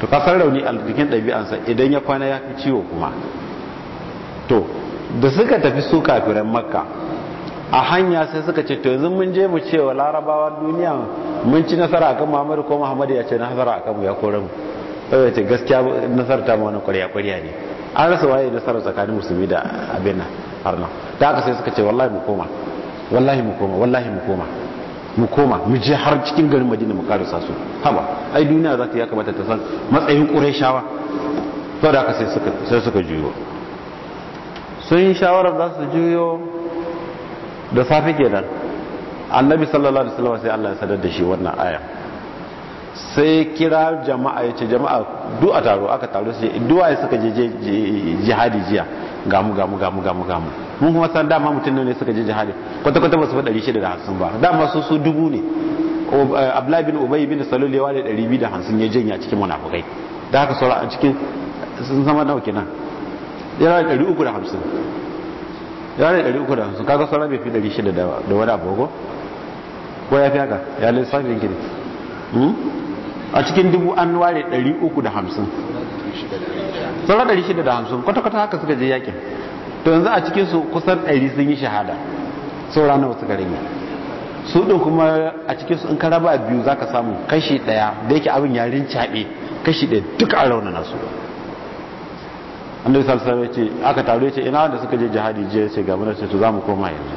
to kasar rauni a jikin ɗabi'ansa idan ya kwana ya fi ciwo kuma to da suka tafi su kafiran makka a hanya sai suka ce to yanzu mun je mu cewa larabawa duniya mun ci nasara akan muhammadu ko muhammadu ya ce nasara akan mu ya kore mu sai ce gaskiya nasarar ta wani kwariya-kwariya ne an rasa waye nasarar tsakanin musulmi da abin nan har nan da aka sai suka ce wallahi mu koma wallahi mu koma wallahi mu koma mu koma mu je har cikin garin madina mu karasa su haba ai duniya za ta ya kamata ta san matsayin qurayshawa to da aka sai suka sai suka juyo sun yi shawarar za su juyo da safe kenan annabi sallallahu alaihi wasallam sai Allah ya sadar da shi wannan aya sai kira jama'a ya ce jama'a duk a taro aka taro su duwa ya suka je jihadi jiya gamu gamu gamu gamu gamu mun kuma san dama mutum ne suka je jihadi kwata kwata basu faɗa shida da hansun ba dama su su dubu ne eh, abdullahi bin ubayi bin salul yawa da ɗari biyu da hansun ya janya cikin munafukai da haka sauran a cikin sun zama nawa kenan yana da ɗari uku da hamsin yana da ɗari uku da hamsin kaga sauran bai fi ɗari shida da wani abu ko ya fi haka ya lissafi ne Hmm? a cikin dubu an ware 350 sauran 650 kwata-kwata haka suka je yakin to yanzu a cikin su kusan 100 sun yi shahada saura nawa suka rage su ɗin kuma a cikin su in ka raba biyu za ka samu kashi ɗaya da yake abin ya rincaɓe kashi ɗaya duk a raunana su annabi sallallahu alaihi wasallam ce aka taro ce ina wanda suka je jihadi je ce ga mun ce to mu koma yanzu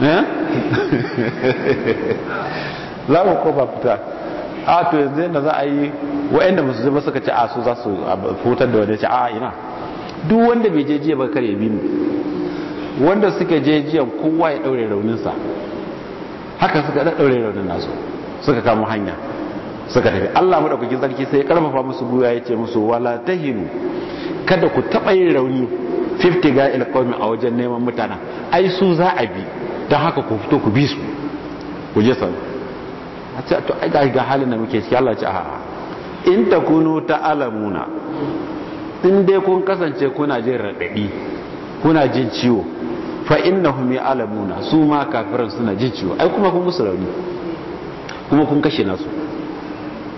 eh? za mu fita a to yanzu yadda za a yi wa'anda musu su suka ci a su za su hutar da wani ci a ina duk wanda bai je jiya ba kar bi wanda suka je jiya kowa ya daure rauninsa haka suka da daure raunin nasu suka kamo hanya suka tafi Allah madaukakin sarki sai ya karfafa musu guya ya ce musu wala tahinu kada ku taba yin rauni fifty ga ilqawmi a wajen neman mutanen ai su za a bi don haka ku fito ku bi su ku je sanu a ga halin da muke ciki Allah ce a, in takunu alamuna in dai kun kasance kuna jin raɗaɗi kuna jin ciwo fa innahum alamuna su ma kafiran suna jin ciwo ai kuma kun musu rauni kuma kun kashe nasu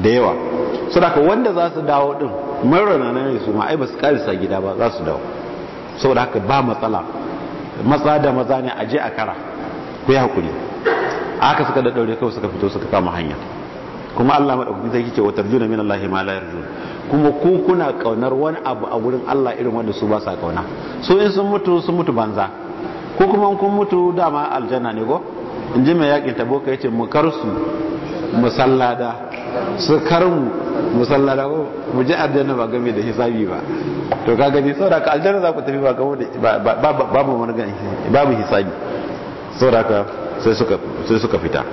da yawa saboda wanda za su dawo din marana ne su ma ai ba su karisa gida ba za su dawo saboda haka ba matsala matsa da maza ne a je a kara ku yi hakuri Aka suka daɗaure kawai suka fito suka kama hanya kuma Allah madaukakin zai yake wata juna min Allah ma la yarjun kuma ku kuna kaunar wani abu a wurin Allah irin wanda su ba sa kauna so in sun mutu sun mutu banza ko kuma kun mutu dama aljanna ne go in ji mai yakin ka yace mu mu musallada su karmu musallada ko mu ji aljanna ba game da hisabi ba to ka gani saboda ka aljanna za ku tafi ba game da babu babu hisabi saboda ka sai suka fita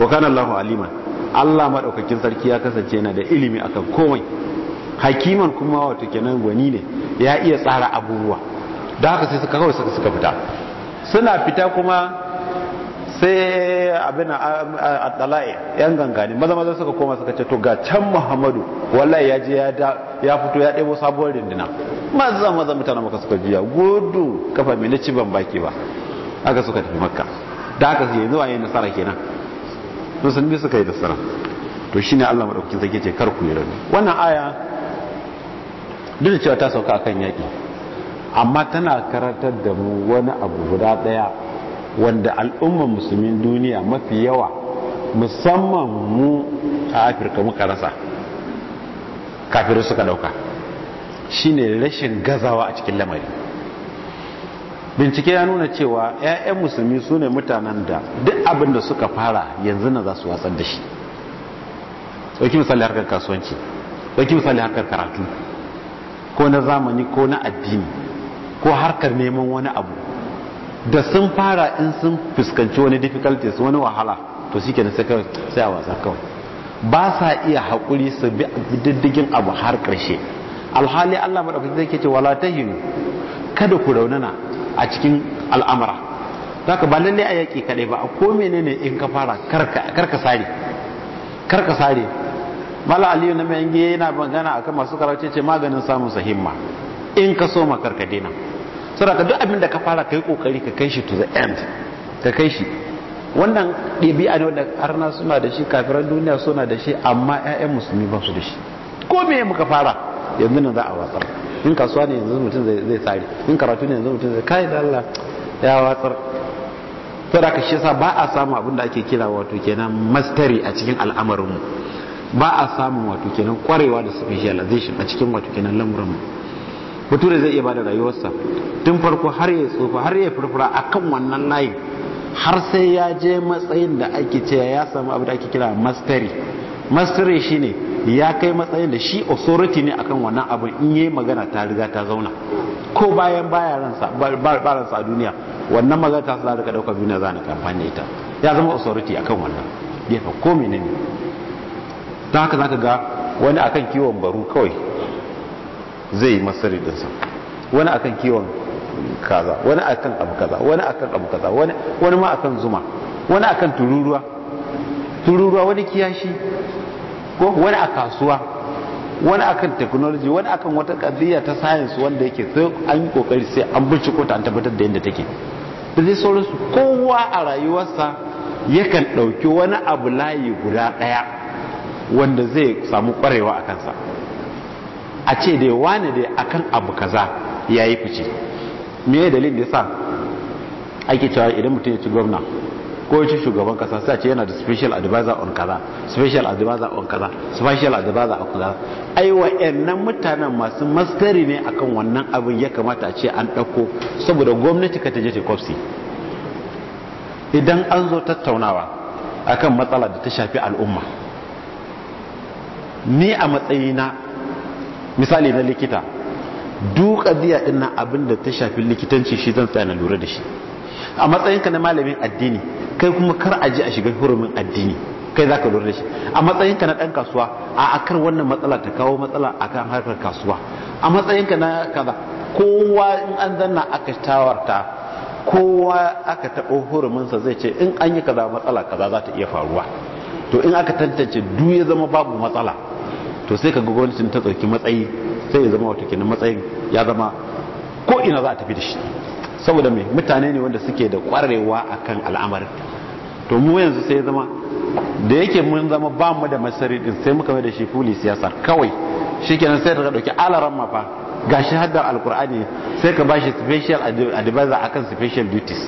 wa kana Allahu alima Allah madaukakin sarki ya kasance yana da ilimi akan komai hakiman kuma wato kenan gwani ne ya iya tsara abubuwa da haka sai suka kawai suka fita suna fita kuma sai abin a dala'i yan gangane maza maza suka koma suka ce to ga can muhammadu wallahi ya je ya fito ya ɗebo sabuwar rindina maza maza mutane maka suka biya gudu kafa mai na ci ban baki ba aka suka tafi makka da aka sai yanzu waye nasara kenan san suka yi nasara to shine Allah madaukakin sarki ce kar ku yi rauni wannan aya duk da cewa ta sauka akan yaki amma tana karatar da mu wani abu guda daya wanda al'ummar musulmin duniya mafi yawa musamman mu a afirka muka rasa kafirai suka dauka shine rashin gazawa a cikin lamari bincike ya nuna cewa 'ya'yan musulmi su ne mutanen da duk abin da suka fara yanzu na za su watsar da shi ɗauki misali harkar kasuwanci ɗauki misali harkar karatu ko na zamani ko na addini ko harkar neman wani abu da sun fara in sun fuskanci wani difficulties wani wahala to shi ke sai a wasa kawai ba sa iya haƙuri su bi diddigin abu har ƙarshe alhali allah maɗaukaki zai ke ce wala kada ku raunana a cikin al'amura ka ba ne a yaƙi kaɗai ba a ko menene in ka fara karka sare karka sare mala aliyu na mai yana magana akan masu karatu ce maganin samun sahimma in ka so ma karka dena ka duk abin da ka fara kai kokari ka kai shi to the end ka kai shi wannan ɗabi'a ne wanda arna suna da shi kafiran duniya suna da shi amma 'ya'yan musulmi ba su da shi ko me muka fara yanzu nan za a watsar in kasuwa ne yanzu mutum zai tsari in karatu ne yanzu mutum zai kai da Allah ya watsar to da ka shi yasa ba a samu abin da ake kira wato kenan mastery a cikin al'amarinmu ba a samun wato kenan kwarewa da specialization a cikin wato kenan lamuranmu bature zai iya bada rayuwarsa tun farko har ya tsufa har ya furfura akan wannan layin har sai ya je matsayin da ake ce ya samu abin da ake kira mastery mastery shine ya kai matsayin da shi authority ne akan wannan abin in yi magana ta riga ta zauna ko bayan baransa a duniya wannan magana ta za rika daukar duniya za na kamfani ita ya zama authority akan wannan gefen ko mene ne Ta haka zaka ga wani akan kiwon baru kawai zai yi masari dinsa wani akan kiwon kaza wani akan abu kaza wani akan abu kaza wani ma akan zuma wani akan tururuwa tururuwa wani kiyashi ko wani a kasuwa wani akan teknoloji wani akan wata kadiyya ta science wanda yake sai an yi kokari sai an ko ta an tabbatar da yadda take da zai sauransu kowa a rayuwarsa yakan ɗauki wani abu layi guda ɗaya wanda zai samu ƙwarewa a kansa a ce dai wani dai akan abu kaza ya yi fice me dalilin da sa ake cewa idan mutum ya ci gwamna ko yace shugaban kasa sai ce yana da special advisor on kaza special advisor on kaza special advisor on kaza ai wa'annan mutanen masu mastari ne akan wannan abin ya kamata a ce an ɗauko saboda gwamnati ka ta je ta kwafsi idan an zo tattaunawa akan matsala da ta shafi al'umma ni a matsayina misali na likita duk ƙaddiya ɗin abin da ta shafi likitanci shi zan tsaya na lura da shi a matsayinka na malamin addini kai kuma kar a ji a shiga hurumin addini kai za ka lura da shi a matsayinka na ɗan kasuwa a akar wannan matsala ta kawo matsala a kan harkar kasuwa a matsayinka na kaza kowa in an zanna aka tawarta kowa aka taɓo huruminsa zai ce in an yi kaza matsala kaza za ta iya faruwa to in aka tantance du ya zama babu matsala to sai ka ga gwamnatin ta tsauki matsayi sai ya zama wata kenan matsayin ya zama ko ina za a tafi da shi saboda mai mutane ne wanda suke da kwarewa akan al'amarin to mu yanzu sai zama da yake mun zama ba mu da masari din sai muka mai da shi fuli siyasa kawai shikenan sai daga dauki alaran mafa gashi haddar alkur'ani sai ka bashi special advisor akan special duties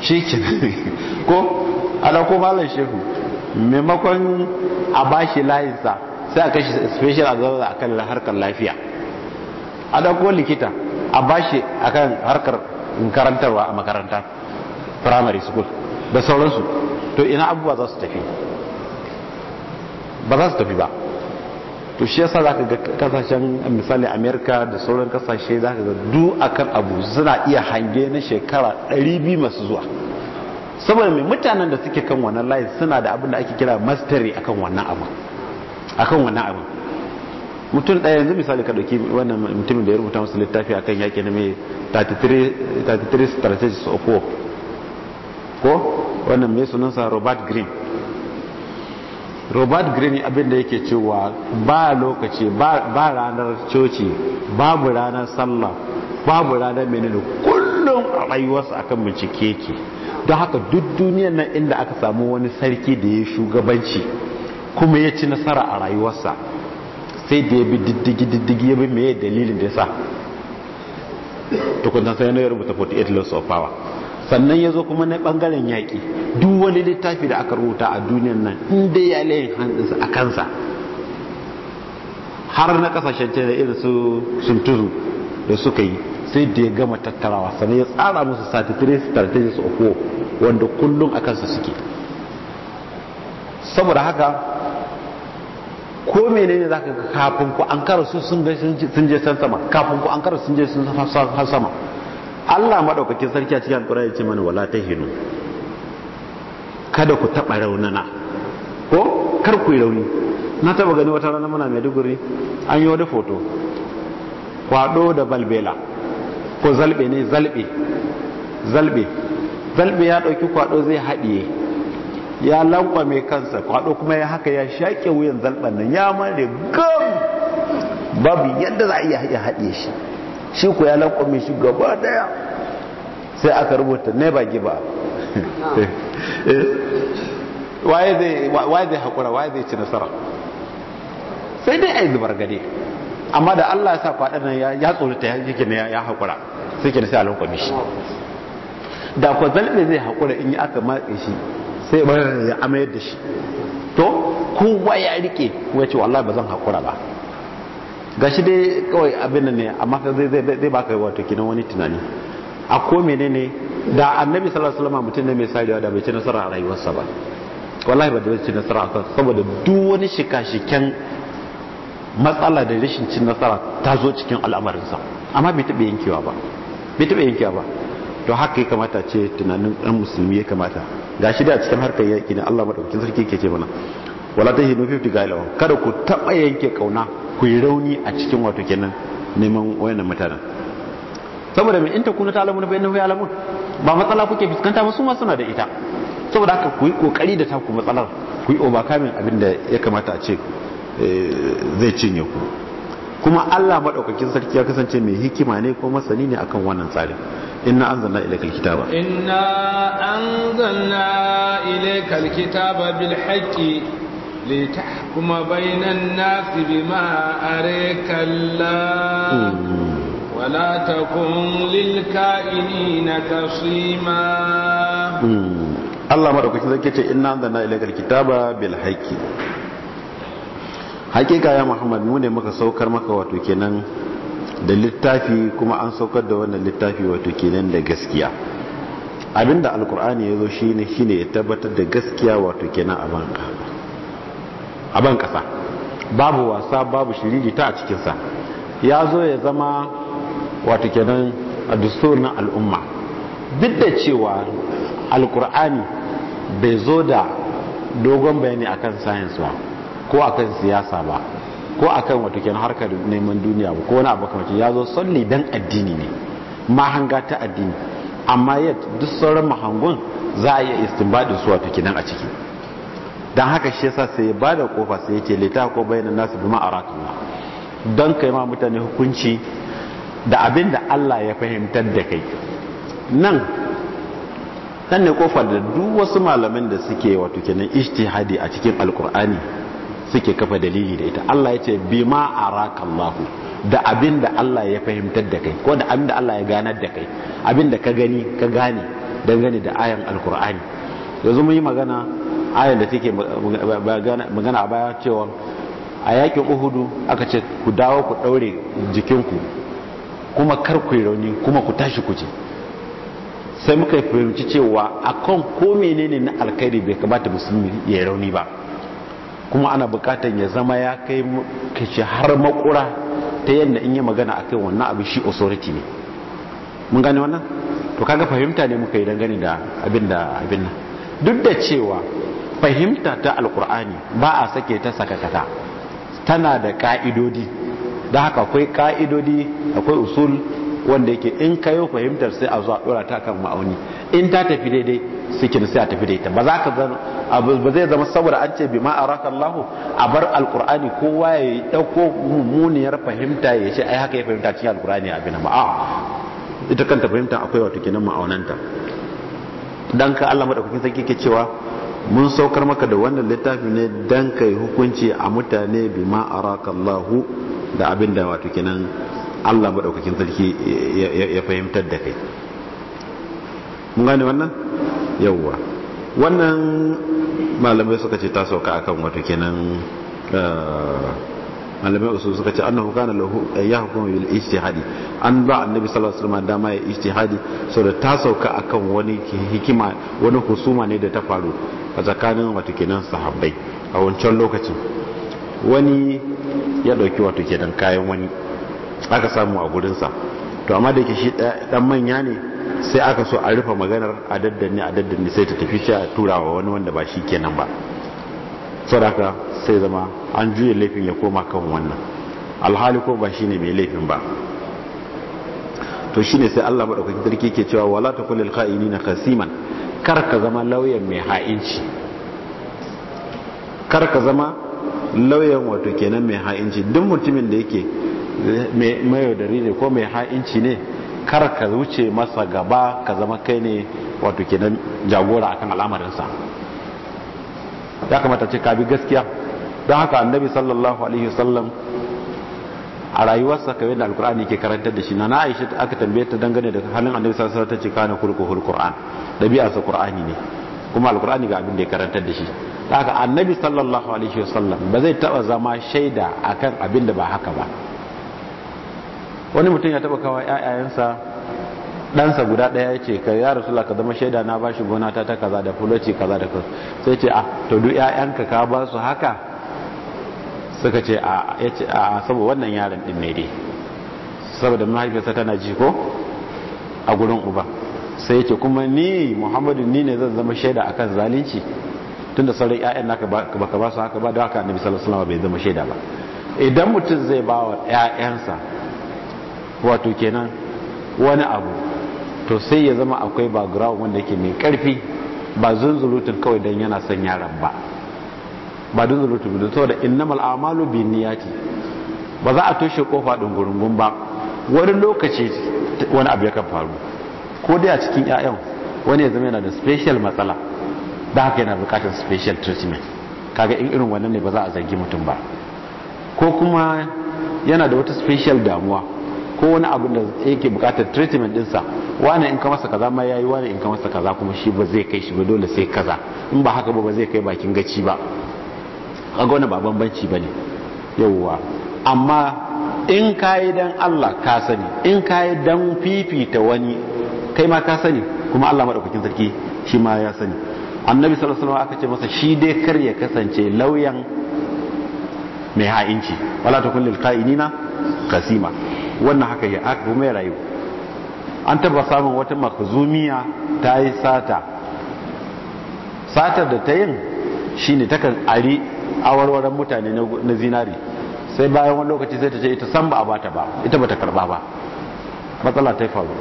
shikenan ko ala ko malam shehu maimakon a bashi layinsa sai a kashi special advisor akan harkar lafiya a dauko likita a bashi akan harkar karantarwa a makaranta primary school da sauransu to ina abubuwa za su tafi ba za su tafi ba to shi yasa ka ga kasashen misali amerika da sauran kasashe za ka ga du akan abu suna iya hange na shekara 200 masu zuwa saboda mai mutanen da suke kan wannan layi suna da abin da ake kira mastery akan wannan abu wannan abu mutum ɗaya yanzu misali ka ɗauki wannan mutumin da ya rubuta musu littafi a kan yaƙi na mai 33 strategies of war ko wannan mai sunansa robert green robert green abinda yake cewa ba lokaci ba ranar coci babu ranar sallah babu ranar menene kullum a rayuwarsa akan bincike ke don haka duk duniyar nan inda aka samu wani sarki da ya shugabanci kuma ya ci nasara a rayuwarsa sai da ya bi diddigi diddigi ya bi mai dalilin da ya sa tukuntan sai ya rubuta 48 laws of power sannan ya zo kuma na bangaren yaƙi duk wani littafi da aka rubuta a duniyan nan inda ya layin hannunsa a kansa har na kasashen da irin su turu da suka yi sai da ya gama tattarawa sannan ya tsara musu 33 strategies of war wanda kullum a kansa suke saboda haka ko menene zaka ga kafin ku an kara su sun sun je san sama kafin ku an kara sun je sun san sama Allah madaukakin sarki a cikin alƙur'ani ya ce mana wala tahinu kada ku taɓa raunana ko kar ku yi rauni na taɓa gani wata rana muna maiduguri an yi wani foto kwado da balbela ko zalbe ne zalbe zalbe zalbe ya ɗauki kwado zai haɗiye ya mai kansa kwado kuma ya haka ya shaƙe wuyan zalɓar nan ya mare gam babu yadda za a iya haɗe shi shi ku ya mai shi gaba daya sai aka rubuta ne ba up eh, waye zai haƙura waye zai ci nasara sai dai a yi zubar gade amma da allah ya sa kwaɗa nan ya tsorita ya haƙura sai ke da sai a mai shi da kwa zalɓe zai haƙura in yi aka matse shi sai ya amayar da shi to kowa ya rike kuma ya ce wallahi ba zan haƙura ba ga shi dai kawai abin ne amma zai zai zai baka wato kinan wani tunani a ko menene da annabi sallallahu alaihi wasallam mutum ne mai sarewa da bai ci nasara a rayuwarsa ba wallahi ba da ci nasara a saboda duk wani shika-shiken matsala da rashin cin nasara ta zo cikin al'amarinsa amma bai taɓa yankewa ba bai taɓa yankewa ba to haka ya kamata ce tunanin ɗan musulmi ya kamata ga shi da a cikin harkar yaƙi ne Allah maɗaukacin sarki ke ce mana wala ta hinu fifty gailawa kada ku taɓa yanke ƙauna ku yi rauni a cikin wato kenan neman wayannan mutanen saboda mai inta kuna ta'lamun fa wayan alamun ba matsala kuke fuskanta ba su ma suna da ita saboda haka ku yi kokari da ku matsalar ku yi obakamin abin da ya kamata a ce eh, zai cinye ku kuma Allah madaukakin sarki ya kasance mai hikima ne ko masani ne akan wannan tsarin inna anzalna ilaykal kitaba inna anzalna ilaykal kitaba bil haqqi tahkuma bainan nasi bima araka Allah hmm. wala takun lil ka'inina kasima hmm. Allah madaukakin sarki ya ce inna anzalna ilaykal kitaba bil haqqi hakika ya muhammad mu ne muka saukar maka wato kenan da littafi kuma an saukar da wannan littafi wato kenan da gaskiya abinda alkur'ani ya zo shi ne ya tabbatar da gaskiya wato kenan a ban kasa babu wasa babu shiriri ta a cikinsa ya zo ya zama wato kenan a dustur na al'umma duk da cewa alkur'ani bai zo da dogon bayani akan science ba ko akan siyasa ba ko akan wato harkar neman duniya ba ko wani abu kamar ya zo tsalli dan addini ne mahanga ta addini amma yadda duk sauran mahangun za a iya da su wato a ciki dan haka shi yasa sai ya da kofa sai ce leta ko bayanan nasu bima aratuna dan kai ma mutane hukunci da abin da Allah ya fahimtar da kai nan nan ne kofar da duk wasu malaman da suke wato kenan hadi a cikin alkur'ani suke kafa dalili da ita Allah ya ce bi ma da abin da Allah ya fahimtar da kai ko da abin Allah ya ganar da kai abin ka gani ka gane dangane da ayan alkur'ani yanzu mun yi magana ayan da take magana a baya cewa a yakin uhudu aka ce ku dawo ku daure jikinku kuma kar ku rauni kuma ku tashi ku ce sai muka fahimci cewa akan ko menene na alkhairi bai kamata musulmi ya rauni ba kuma ana bukatan ya zama ya kai kace har makura ta yadda in yi magana kai wannan abin shi authority ne mun gane wannan to kaga fahimta ne muka yi dangane da abin da abin nan duk da cewa fahimta ta alkur'ani ba a sake ta sakakata tana da ka'idodi da haka akwai ka'idodi akwai usul wanda yake in kayo fahimtar sai a zuwa dora ta kan ma'auni in ta tafi daidai sikin sai a tafi daidai ba za ka zan abu ba zai zama saboda an ce bi ma araka Allahu a bar alqur'ani kowa ya dauko mummuniyar fahimta ya ce ai haka ya fahimta cikin alqur'ani abin ba a ita kanta fahimta akwai wato kinan ma'aunanta dan ka Allah madaukakin sarki ke cewa mun saukar maka da wannan littafi ne dan kai hukunci a mutane bi ma araka Allahu da abin da wato kenan Allah madaukakin sarki ya fahimtar da kai mun gane wannan yawwa wannan malamai suka ce ta sauka akan wato kenan eh, malamai usul suka ce annahu kana lahu eh, ya hukuma bil ijtihadi an ba annabi sallallahu alaihi wasallam dama ya ijtihadi so da ta sauka akan wani hikima wani husuma ne da ta faru a tsakanin wato kenan sahabbai a wancan lokacin wani ya dauki wato kenan kayan wani aka samu a gurinsa to amma da yake shi dan manya ne sai aka so a rufe maganar a daddanne a daddanne sai ta tafi ce a turawa wani wanda ba shi kenan ba sadaka sai zama an juya laifin ya koma kan wannan alhali ko ba shi ne mai laifin ba to shi ne sai Allah da sarki ke cewa wala takul lil kha'inina khasiman kar ka zama lauyan mai ha'inci kar ka zama lauyan wato kenan mai ha'inci duk mutumin da yake mai yaudari ne ko mai ha'inci ne kar ka wuce masa gaba ka zama kai ne wato ke nan jagora akan al'amarinsa ya kamata ce ka bi gaskiya don haka annabi sallallahu alaihi wasallam a rayuwarsa kai da alkur'ani ke karantar da shi na na aisha aka tambaye ta dangane da halin annabi sallallahu alaihi wasallam ta ce kana hul qur'an dabi'arsa qur'ani ne kuma alkur'ani ga abin da ya karantar da shi haka annabi sallallahu alaihi wasallam ba zai taba zama shaida akan abin da ba haka ba wani mutum ya taba kawo ƴaƴayensa ɗansa guda ɗaya ya ce ka ya rasula ka zama shaida na bashi gona ta ta kaza da fuloci kaza da kaza sai ce a ah, to duk ƴaƴanka ka ba su haka suka ce a ah, ya ce ah, saboda wannan yaron din ne dai saboda mahaifiyarsa tana ji ko a gurin uba sai ce kuma ni muhammadu ni ne zan zama shaida akan zalunci tunda sauran 'ya'yan naka baka ba su haka ba da haka annabi sallallahu alaihi wasallam bai zama shaida ba idan mutum zai ba wa ƴaƴansa wato kenan wani abu to sai ya zama akwai background wanda yake mai karfi ba zunzulutun kawai don yana son yaran ba ba zunzulutun da saboda innamal amalu bin niyati ba za a toshe kofa din gurungun ba wani lokaci wani abu yakan faru ko dai a cikin 'ya'yan wani ya zama yana da special matsala da haka yana bukatar special treatment kaga in irin wannan ne ba za a zargi mutum ba ko kuma yana da wata special damuwa ko wani abu da yake bukatar treatment dinsa wani in ka masa kaza ma yayi wani in ka masa kaza kuma shi ba zai kai shi ba dole sai kaza in ba haka ba ba zai kai bakin gaci ba kaga wani ba bambanci bane yawwa amma in kayi dan Allah ka sani in kayi dan fifita wani kai ma ka sani kuma Allah madaukakin sarki shi ma ya sani annabi sallallahu alaihi aka ce masa shi dai kar ya kasance lauyan mai ha'inci wala ta kullil qa'inina kasima wannan haka ya aka kuma ya rayu an taba samun wata makazumiya ta yi sata satar da ta yin ne takan ari awarwaran mutane na zinari sai bayan wani lokaci zai ta ce ita san ba a bata ba ita bata karba ba matsala ta yi faru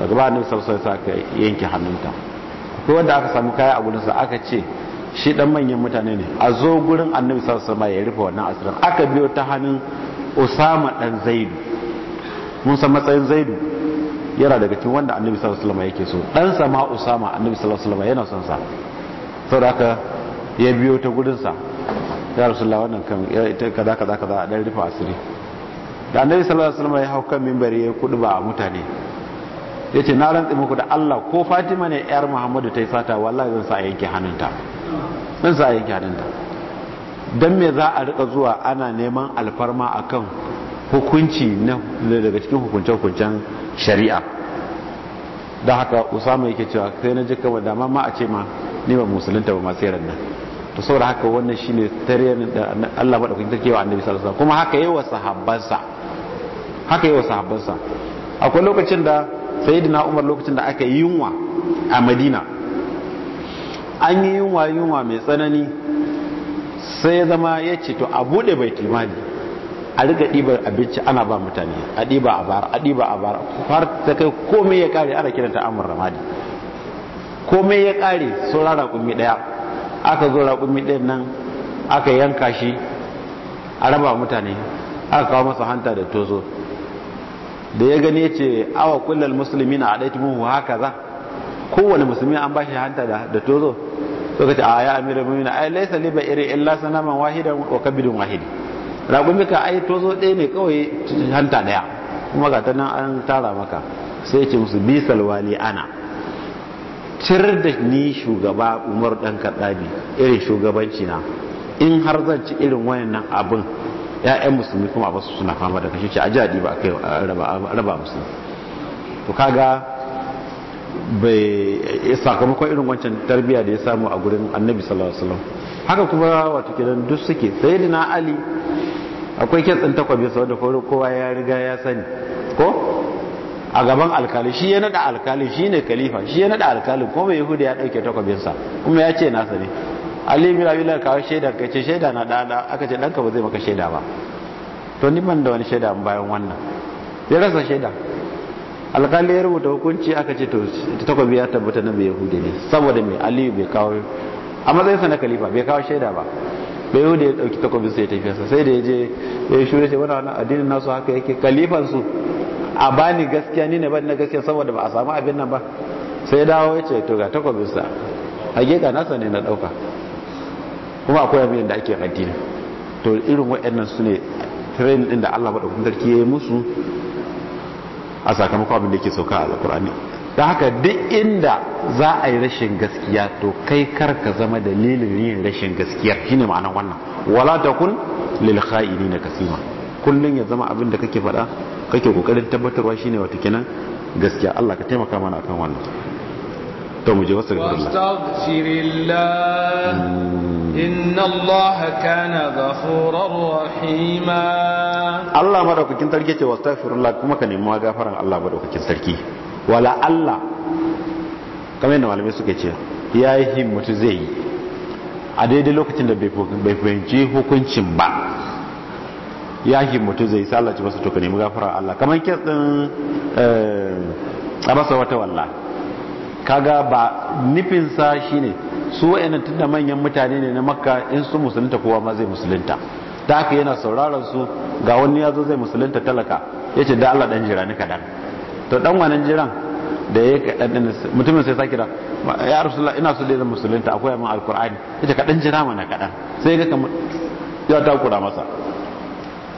daga ba annabi sallallahu sa ka yanke hannunta akwai wanda aka samu kaya a sa aka ce shi dan manyan mutane ne a zo gurin annabi sallallahu alaihi ya rufe wannan asirin aka biyo ta hannun Usama dan Zaidu kun san matsayin zaidu yana daga cikin wanda annabi sallallahu alaihi wasallam yake so dan sa ma usama annabi sallallahu alaihi wasallam yana son sa saboda haka ya biyo ta gurin sa ya rasulullah wannan kan ita kaza kaza kaza a dan rufa asiri da annabi sallallahu alaihi wasallam ya hauka minbari ya kudu ba mutane yace na rantsi muku da Allah ko Fatima ne yar Muhammadu tai yi sata wallahi zan sa yanke hannunta zan sa yanke hannunta dan me za a rika zuwa ana neman alfarma akan hukunci na daga cikin hukunce-hukuncen shari'a da haka usama yake cewa sai na jika wa dama ma a ce ma nima ba musulunta ba masu yaran nan to saboda haka wannan shi ne tarihin da Allah madaukakin take wa annabi sarasa kuma haka yi wa sahabbansa haka yi wa sahabbansa akwai lokacin da sayyidina Umar lokacin da aka yi yunwa a Madina an yi yunwa yunwa mai tsanani sai ya zama ya ce to a bude baitul mali a riga ɗibar abinci ana ba mutane a ɗiba a bara a ɗiba a bara har ta kai komai ya kare ana kiranta amur ramadi komai ya kare rara ƙumi ɗaya aka zo raƙumi ɗayan nan aka yanka shi a raba mutane aka kawo masa hanta da tozo da ya gani ya ce awa kullal musulmi na aɗaiti muhu haka za kowane musulmi an ba shi hanta da tozo suka ce a ya amira mummina ai laisa liba iri illa sanaman wahidan wa kabidin wahidi ragu mika ai zo ɗaya ne kawai hanta ɗaya kuma ga ta nan an tara maka sai ce musu bisal wali ana cir da ni shugaba umar ɗan kaɗabi irin shugabanci na in har zan ci irin nan abin ya'yan musulmi kuma a basu suna fama da kashe ce a jadi ba kai raba musulmi to kaga bai sakamakon irin wancan tarbiyya da ya samu a gurin annabi sallallahu alaihi haka kuma wato kenan duk suke sayyidina ali akwai kitsin takwabi sau da faru kowa ya riga ya sani ko a gaban alkali shi ya nada alkali shi ne kalifa shi ya nada alkali kuma yahuda ya dauke takwabinsa kuma ya ce nasa ne ali bin abi kawo shaida ka ce shaida na dada aka ce danka ba zai maka shaida ba to ni ban da wani shaida bayan wannan ya rasa shaida alkali ya rubuta hukunci aka ce to takwabi ya tabbata na mai yahudi ne saboda mai aliyu bai kawo a matsayinsa na kalifa bai kawo shaida ba bai da ya dauki takobin sai ya tafi sa sai da ya je ya shure wani wani addinin nasu haka yake kalifan su a bani gaskiya ni ne ban na gaskiya saboda ba a samu abin nan ba sai dawo ya ce to ga takobin sa hakika nasa ne na dauka kuma akwai abin da ake addini to irin waɗannan su ne train din da Allah ba sarki ya yi musu a sakamakon abin da yake sauka a alkur'ani da haka duk inda za a yi rashin gaskiya to kai kar ka zama dalilin yin rashin gaskiya shine ma'anar wannan wala takun lil na kasima kullun ya zama abin da kake faɗa kake kokarin tabbatarwa shine wata kenan gaskiya Allah ka taimaka mana akan wannan to mu je wastaghfirullah inna Allah kana ghafurar rahima Allah madaukakin sarki ce wastaghfirullah kuma ka nemi gafaran Allah madaukakin sarki wala Allah kamar yadda malamai suka ce ya yi himmatu zai yi a daidai lokacin da bai fahimci hukuncin ba ya himmatu zai yi sallaci masa to ka nemi gafara Allah kamar kes din eh, a masa wata walla kaga ba nufinsa shine su wa'annan tunda manyan mutane ne na makka in su musulunta kowa ma zai musulunta ta haka yana sauraron su ga wani ya zo zai musulunta talaka ya ce da Allah dan jira ni kaɗan to dan wannan jiran da ya kaɗan mutumin sai sake ya rasulullah ina so da musulunta akwai min alqur'ani ka kaɗan jira mana kaɗan sai ga kamar ya kura masa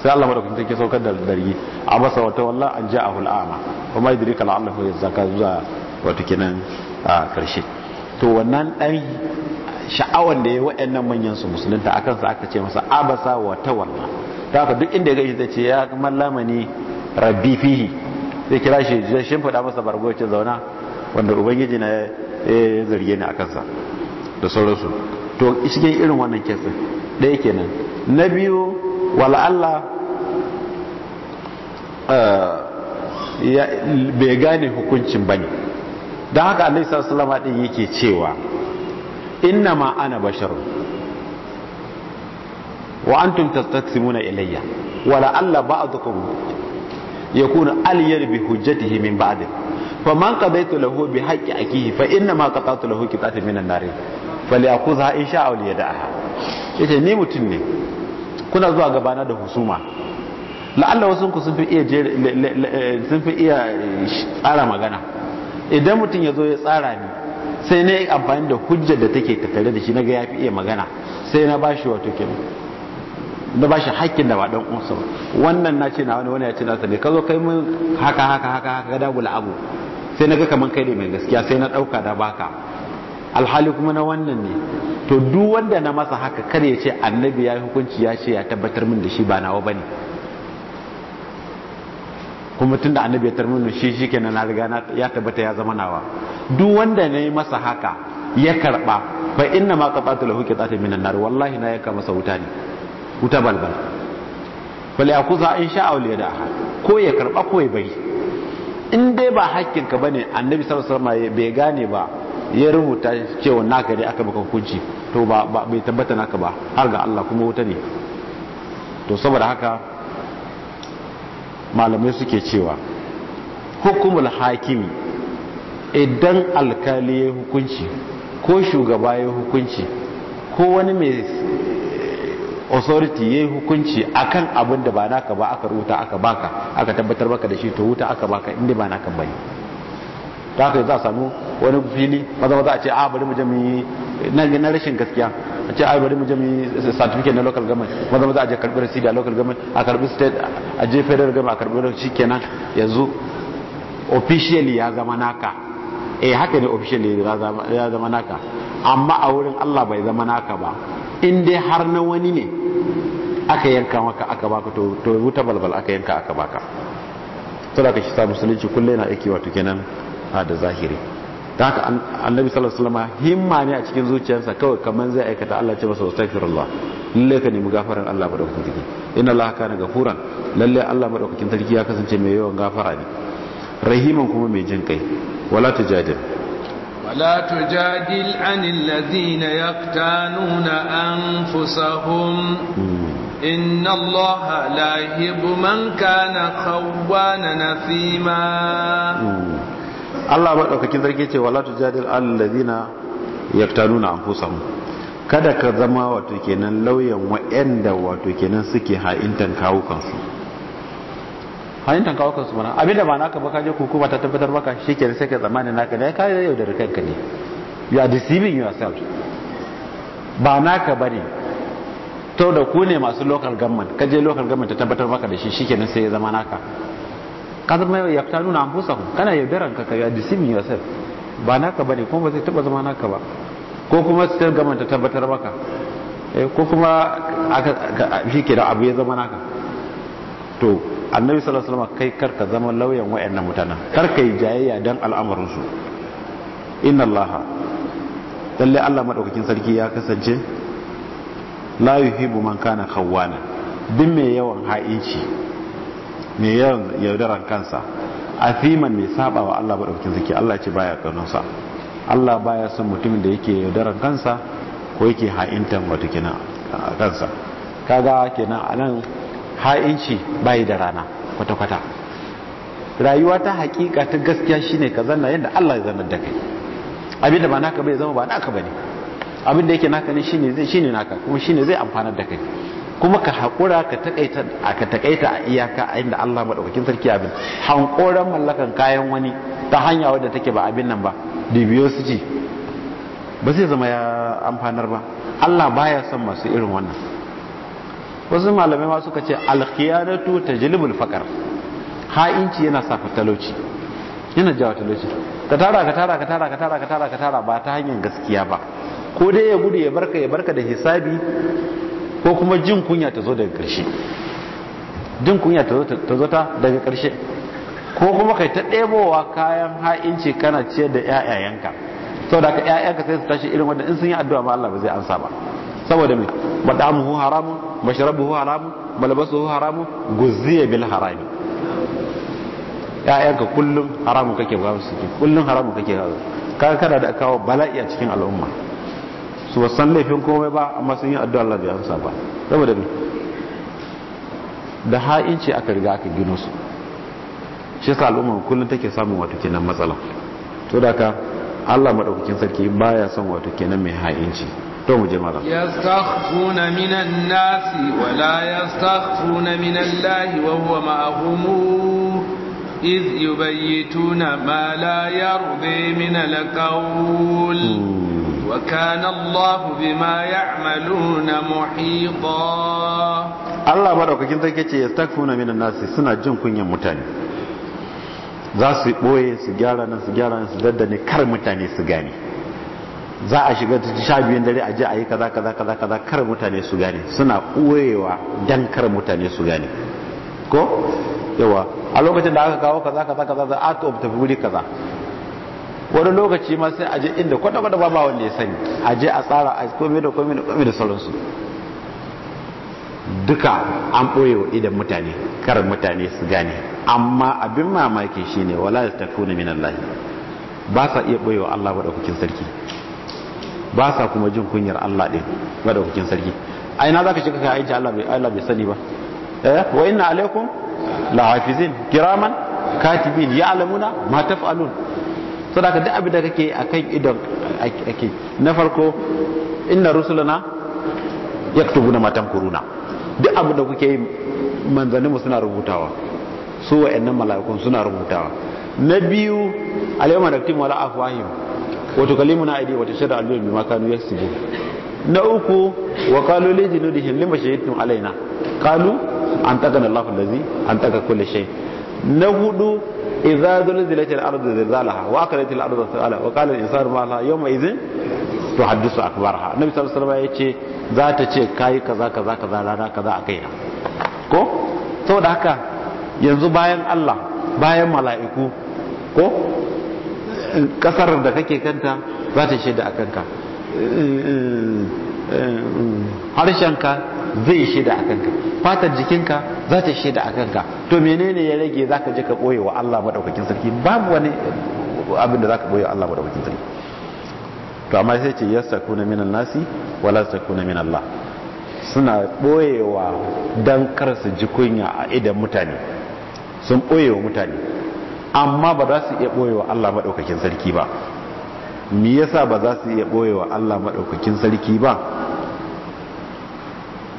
sai Allah madaukakin take saukar da dargi a masa wata walla an ja'ahu al'ama wa ma yudrika la'allahu yazakka zuwa wato kinan a karshe to wannan dan sha'awan da ya waɗannan manyan su musulunta akan sa aka ce masa abasa wa tawalla ta haka duk inda ya gaji zai ce ya kamar lamani rabbi fihi zai kira shi zai shimfiɗa masa bargo ce zauna wanda ubangiji na ya zarge ni a kansa da sauransu to cikin irin wannan kesa ɗaya kenan na biyu wala eh, bai gane hukuncin ba ne don haka annabi sallallahu ɗin yake cewa inna ma ana basharun wa antum muna ilayya wala ba ba'dukum yakunu aliyar bi hujjatihi min ba'd fa man qadaytu lahu bi haqqi akihi fa inna ma qatatu lahu qitatan minan nar falyakhudha in sha'a aw liyadaha yace ni mutum ne kuna zuwa gabana da husuma la'alla wasu ku sun fi iya eh, eh, tsara magana idan mutum ya zo ya tsara ni sai na yi amfani da hujjar da take tattare da shi na ga ya fi iya magana sai na bashi wato kenan hakkin da ba dan uwansa ba wannan na ce na wani wani ya ce nasa ne ka zo kai mun haka haka haka haka dagula abu sai na ga kaman kai ne mai gaskiya sai na ɗauka da baka alhali kuma na wannan ne to duk wanda na masa haka kada ya ce annabi ya yi hukunci ya ce ya tabbatar min da shi ba nawa ne. kuma tun da annabi ya tarmin shi shi kenan na riga ya tabbata ya zama nawa duk wanda na yi masa haka ya karba fa inna ma qatatu lahu qitatan minan nar wallahi na yaka masa wuta ne wuta balbal ya kusa in sha aure da aka ko ya karba ko ya bari in dai ba hakkin ka bane annabi sarasar ma bai gane ba ya rubuta cewa na gari aka baka hukunci to ba bai tabbata naka ba har ga Allah kuma wuta ne to saboda haka malamai suke cewa hukumul hakimi idan alkali ya hukunci ko shugaba ya hukunci ko wani mai authority yayi hukunci akan abin da ba naka ba aka rubuta aka baka aka tabbatar baka da shi to wuta aka baka inda ba naka bane ta kai za samu wani fili maza maza a ce a ah, bari mu je mu yi na rashin gaskiya a ce a ah, bari mu je mu yi certificate na local government maza maza a je karbi receipt da local government a karbi state a je federal government a karbi shikenan yanzu officially ya zama naka eh haka ne officially ya zama naka amma a wurin Allah bai zama naka ba in dai har na wani ne aka yanka maka aka baka to to wuta balbal aka yanka aka baka to da kashi sa musulunci kullai na aiki wato kenan a da zahiri da haka annabi sallallahu alaihi wasallam himma ne a cikin zuciyarsa kawai kaman zai aikata Allah ce masa astaghfirullah lalle ka nemi gafaran Allah madaukakin sarki inna Allah kana gafuran lalle Allah madaukakin sarki ya kasance mai yawan gafara ne rahiman kuma mai jin kai wala tajadil ولا تجادل عن الذين يقتانون أنفسهم إن الله لا يهب من كان خوانا نثيما Allah maɗaukakin zarge ce ولا تجادل عن الذين يقتانون أنفسهم kada ka zama wato kenan lauyan wa'anda wato kenan suke ha'intan kawo kansu hanyar kawo kansu mana abinda da ba naka ba ka je kuma ta tabbatar maka ke sai ka tsammanin naka ne ka yau da kanka ne you are deceiving yourself ba naka bane to da ku ne masu local government ka je local government ta tabbatar maka da shi shikenan sai ya zama naka ka zama ya fita nuna anfusahum kana yaudaran ka you are deceiving yourself ba naka bane kuma ba zai taba zama naka ba ko kuma state government ta tabbatar maka eh, ko kuma shi ke da abu ya zama naka to annabi sallallahu alaihi wasallam kai karka zama lauyan wayannan mutanen karka yi jayayya dan al'amarin su inna allaha lalle Allah madaukakin sarki ya kasance la yuhibbu man kana khawana duk mai yawan ha'inci mai yawan yaudaran kansa athiman me saba wa Allah madaukakin sarki Allah ce baya sa Allah baya son mutumin da yake yaudaran kansa ko yake ha'intan wato kenan kansa kaga kenan anan ha'inci bai da rana kwata-kwata rayuwa ta hakika ta gaskiya shine ka zanna yadda Allah ya zanna da kai abinda ba naka bai zama ba naka bane abinda yake naka ne shine zai shine naka kuma shine zai amfanar da kai kuma ka hakura ka takaita ka takaita a iyaka a inda Allah madaukakin sarki abin hankoran mallakan kayan wani ta hanya wadda take ba abin nan ba dubiyosity ba zai zama ya amfanar ba Allah baya son masu irin wannan wasu malamai ma suka ce alkhiyaratu tajlibul faqr ha'inci yana sa talauci yana jawo talauci ka tara ka tara ka tara ka tara ka tara ka tara ba ta hanyar gaskiya ba ko dai ya gudu ya barka ya barka da hisabi ko kuma jin kunya ta zo daga ƙarshe jin kunya ta zo ta daga karshe ko kuma kai ta ɗebowa kayan ha'inci kana ciyar da 'ya'yayanka saboda ka 'ya'yanka sai su tashi irin wadda in sun yi addu'a ma Allah ba zai ansa ba saboda me mat'amuhu haramun mashrabuhu haramun malbasuhu haramun guziya bil harami ƴaƴanka kullum haramun kake ba su ke kullum haramun kake ba kaga kada da kawo bala'i a cikin al'umma su ba san laifin komai ba amma sun yi addu'a Allah ya amsa ba saboda mai da ha'inci aka riga aka gino su shi sa al'umma kullum take samun wato kenan matsala to da ka Allah madaukakin sarki baya son wato kenan mai ha'inci to mu je mala yastakhfuna minan nasi wa la yastakhfuna minallahi wa huwa ma'ahum iz yubayyituna ma la yardi min alqawl hmm. wa kana Allah bima ya'maluna muhita Allah madaukakin sarki ce yastakhfuna minan nasi suna jin kunyan mutane za su boye su gyara su gyara nan su daddane kar mutane su gane za a shiga sha biyun dare a je a yi kaza kaza kaza kaza kar mutane su gane suna ɓoyewa dan kar mutane su gane ko yawa a lokacin da aka kawo kaza kaza kaza za a to tafi wuri kaza wani lokaci ma sai a je inda kwata kwata ba ba wanda ya sani a je a tsara a komai da komai da komai da sauransu duka an ɓoye wa idan mutane kar mutane su gane amma abin mamaki shine wala yastafuna minan Allah ba sa iya ɓoye wa Allah kukin sarki ba sa kuma jin kunyar Allah din madaukakin sarki ai na zaka shiga kai aiki Allah bai Allah bai sani ba eh wa inna alaikum hafizin kiraman katibin alamuna ma taf'alun sadaka duk abin da kake akan idan ake na farko inna rusulana yaktubuna ma tamkuruna duk abin da kuke yi manzanninmu suna rubutawa su wa'annan mala'ikun suna rubutawa na biyu alayhi wa rahmatullahi wa afwahim wato Kalimu na aidi wato shada alwin bima kanu yaksubu na uku wa qalu li junudihim lima shahidtum alaina qalu an tagana allah allazi an taga kulli shay na hudu idza arzikin al-ardu zilzalaha wa akalat al-ardu thaqala wa qala al-insanu ma laha yawma idhin tuhaddisu ha na sallallahu alaihi wasallam ce za ta ce ka kai kaza kaza kaza rana kaza a kaina ko sau da haka yanzu bayan Allah bayan mala'iku ko kasar da kake kanta za ta shaida a kanka harshenka zai shaida a kanka fatar jikinka za ta shaida a kanka to menene ya rage za ka je ka ɓoye wa Allah maɗaukakin sarki babu wani abin da za ka ɓoye wa Allah maɗaukakin sarki to amma sai ce yasta kuna minan nasi wala ta kuna min Allah suna ɓoyewa don kar su ji kunya a idan mutane sun ɓoye wa mutane amma ba za su iya boyewa Allah maɗaukakin sarki ba me yasa ba za su iya boyewa Allah maɗaukakin sarki ba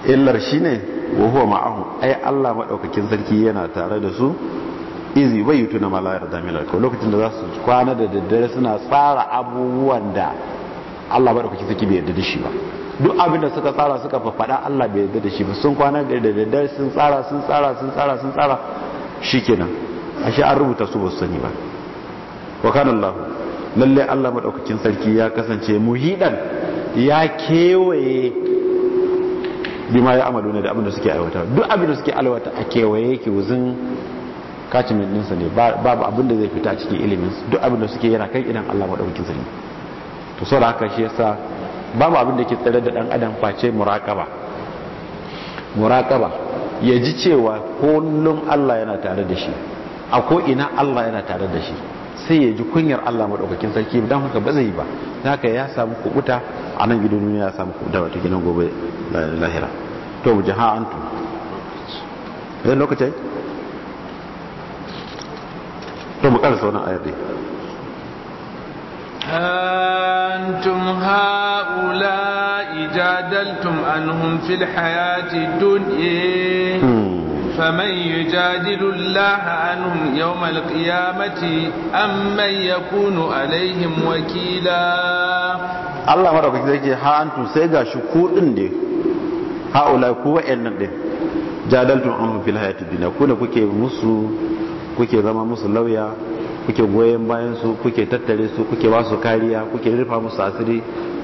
illar shi wa wahuwa ma'ahu ai Allah maɗaukakin sarki yana tare da su izi bai yi tuna malayar damilar ko lokacin da za su kwana da daddare suna tsara abubuwan da Allah maɗaukakin sarki suke bai yarda da shi ba duk abin da suka tsara suka faɗa Allah bai yarda da shi ba sun kwana da daddare sun tsara sun tsara sun tsara sun tsara shikenan ashe an rubuta su ba su sani ba wa kana Allah lalle Allah madaukakin sarki ya kasance muhidan ya kewaye bima ya amalu ne da abin da suke aiwata duk abin da suke alwata a kewaye yake wuzin kacimin ɗinsa ne babu abin da zai fita cikin ilimin duk abin da suke yana kan idan Allah madaukakin sarki to saboda haka shi yasa babu abin da ke tsare da dan adam face muraqaba muraqaba ya ji cewa kullum Allah yana tare da shi a ko ina Allah yana tare da shi sai ya ji kunyar Allah madaukakin sarki dan haka ba zai yi ba haka ya samu kubuta a nan gidan duniya ya samu kubuta wata gidan gobe lahira to mu jaha antu eh lokacin to mu karasa wannan ayar dai أنتم هؤلاء جادلتم عنهم في الحياة الدنيا hmm. فمن يجادل الله عنهم يوم القيامة أم من يكون عليهم وكيلا الله مرحبا كذلك ها أنتم سيغا شكور اندي هؤلاء كوا ان اندي جادلتم عنهم في الحياة الدنيا كونا كوكي مصر كوكي زمى مصر لويا kuke goyon bayan su kuke tattare su kuke ba su kariya kuke rufa musu asiri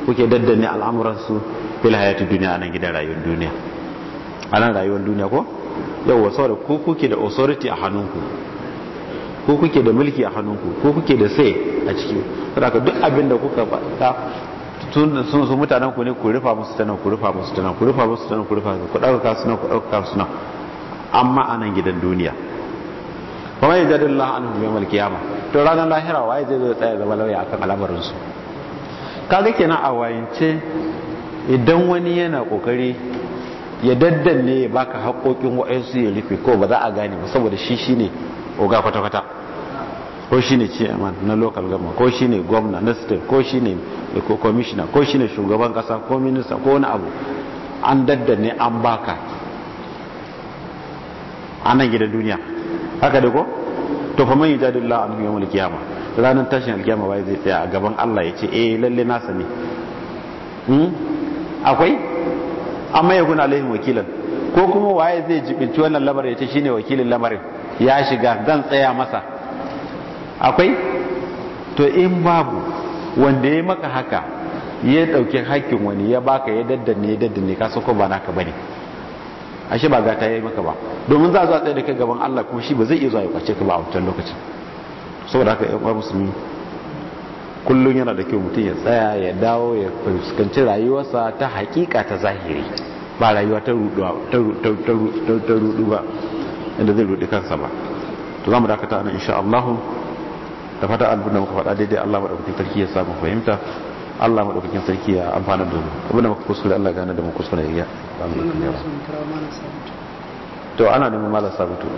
kuke daddane al'amuransu fil hayati duniya nan gidan rayuwar duniya a nan rayuwar duniya ko yawwa saboda ko kuke da authority a hannunku ko kuke da mulki a hannunku ko kuke da sai a ciki saboda duk abin da kuka faɗa sun su mutanen ku ne ku rufa musu tana ku rufa musu tana ku rufa musu tana ku rufa ku ɗauka suna ku ɗauka suna amma a nan gidan duniya kuma ya jadin Allah an hukumar mulki yama to ranar lahira waye zai zo tsaye zama lauya akan al'amarin su kaga kenan a wayance idan wani yana kokari ya daddan ne ya baka haƙoƙin wa'ansu ya rufe ko ba za a gane ba saboda shi ne oga kwata-kwata ko shi ne chairman na local government ko shi ne gwamna na state ko shine ko commissioner ko shi ne shugaban kasa ko minista ko wani abu an daddan ne an baka a nan gidan duniya haka da ko to fa man yujadillahu an yawmul qiyamah ranar tashin alkiyama bai zai tsaya a gaban Allah ya ce eh lalle na sani hmm? akwai amma ya guna alaihim wakilan ko kuma waye zai jibinci wannan lamarin ta shine wakilin lamarin ya shiga zan tsaya masa akwai to in babu wanda ya maka haka ya dauki hakkin wani ya baka ya daddane ya daddane ka sako ba naka bane ashe ba gata yayi maka ba domin za a tsaye da ka gaban Allah kuma shi ba zai iya zuwa ya kwace ka ba a wancan lokacin saboda haka ƴan musulmi kullum yana da kyau mutum ya tsaya ya dawo ya fuskanci rayuwarsa ta hakika ta zahiri ba rayuwa ta rudu ba inda zai rudu kansa ba to za mu dakata ana insha Allah da fata abin da muka faɗa daidai Allah maɗaukakin sarki ya samu fahimta Allah maɗaukakin sarki ya amfana da mu abin da muka kuskure Allah gane da mu kuskure ya yi to ana neman malar sabitu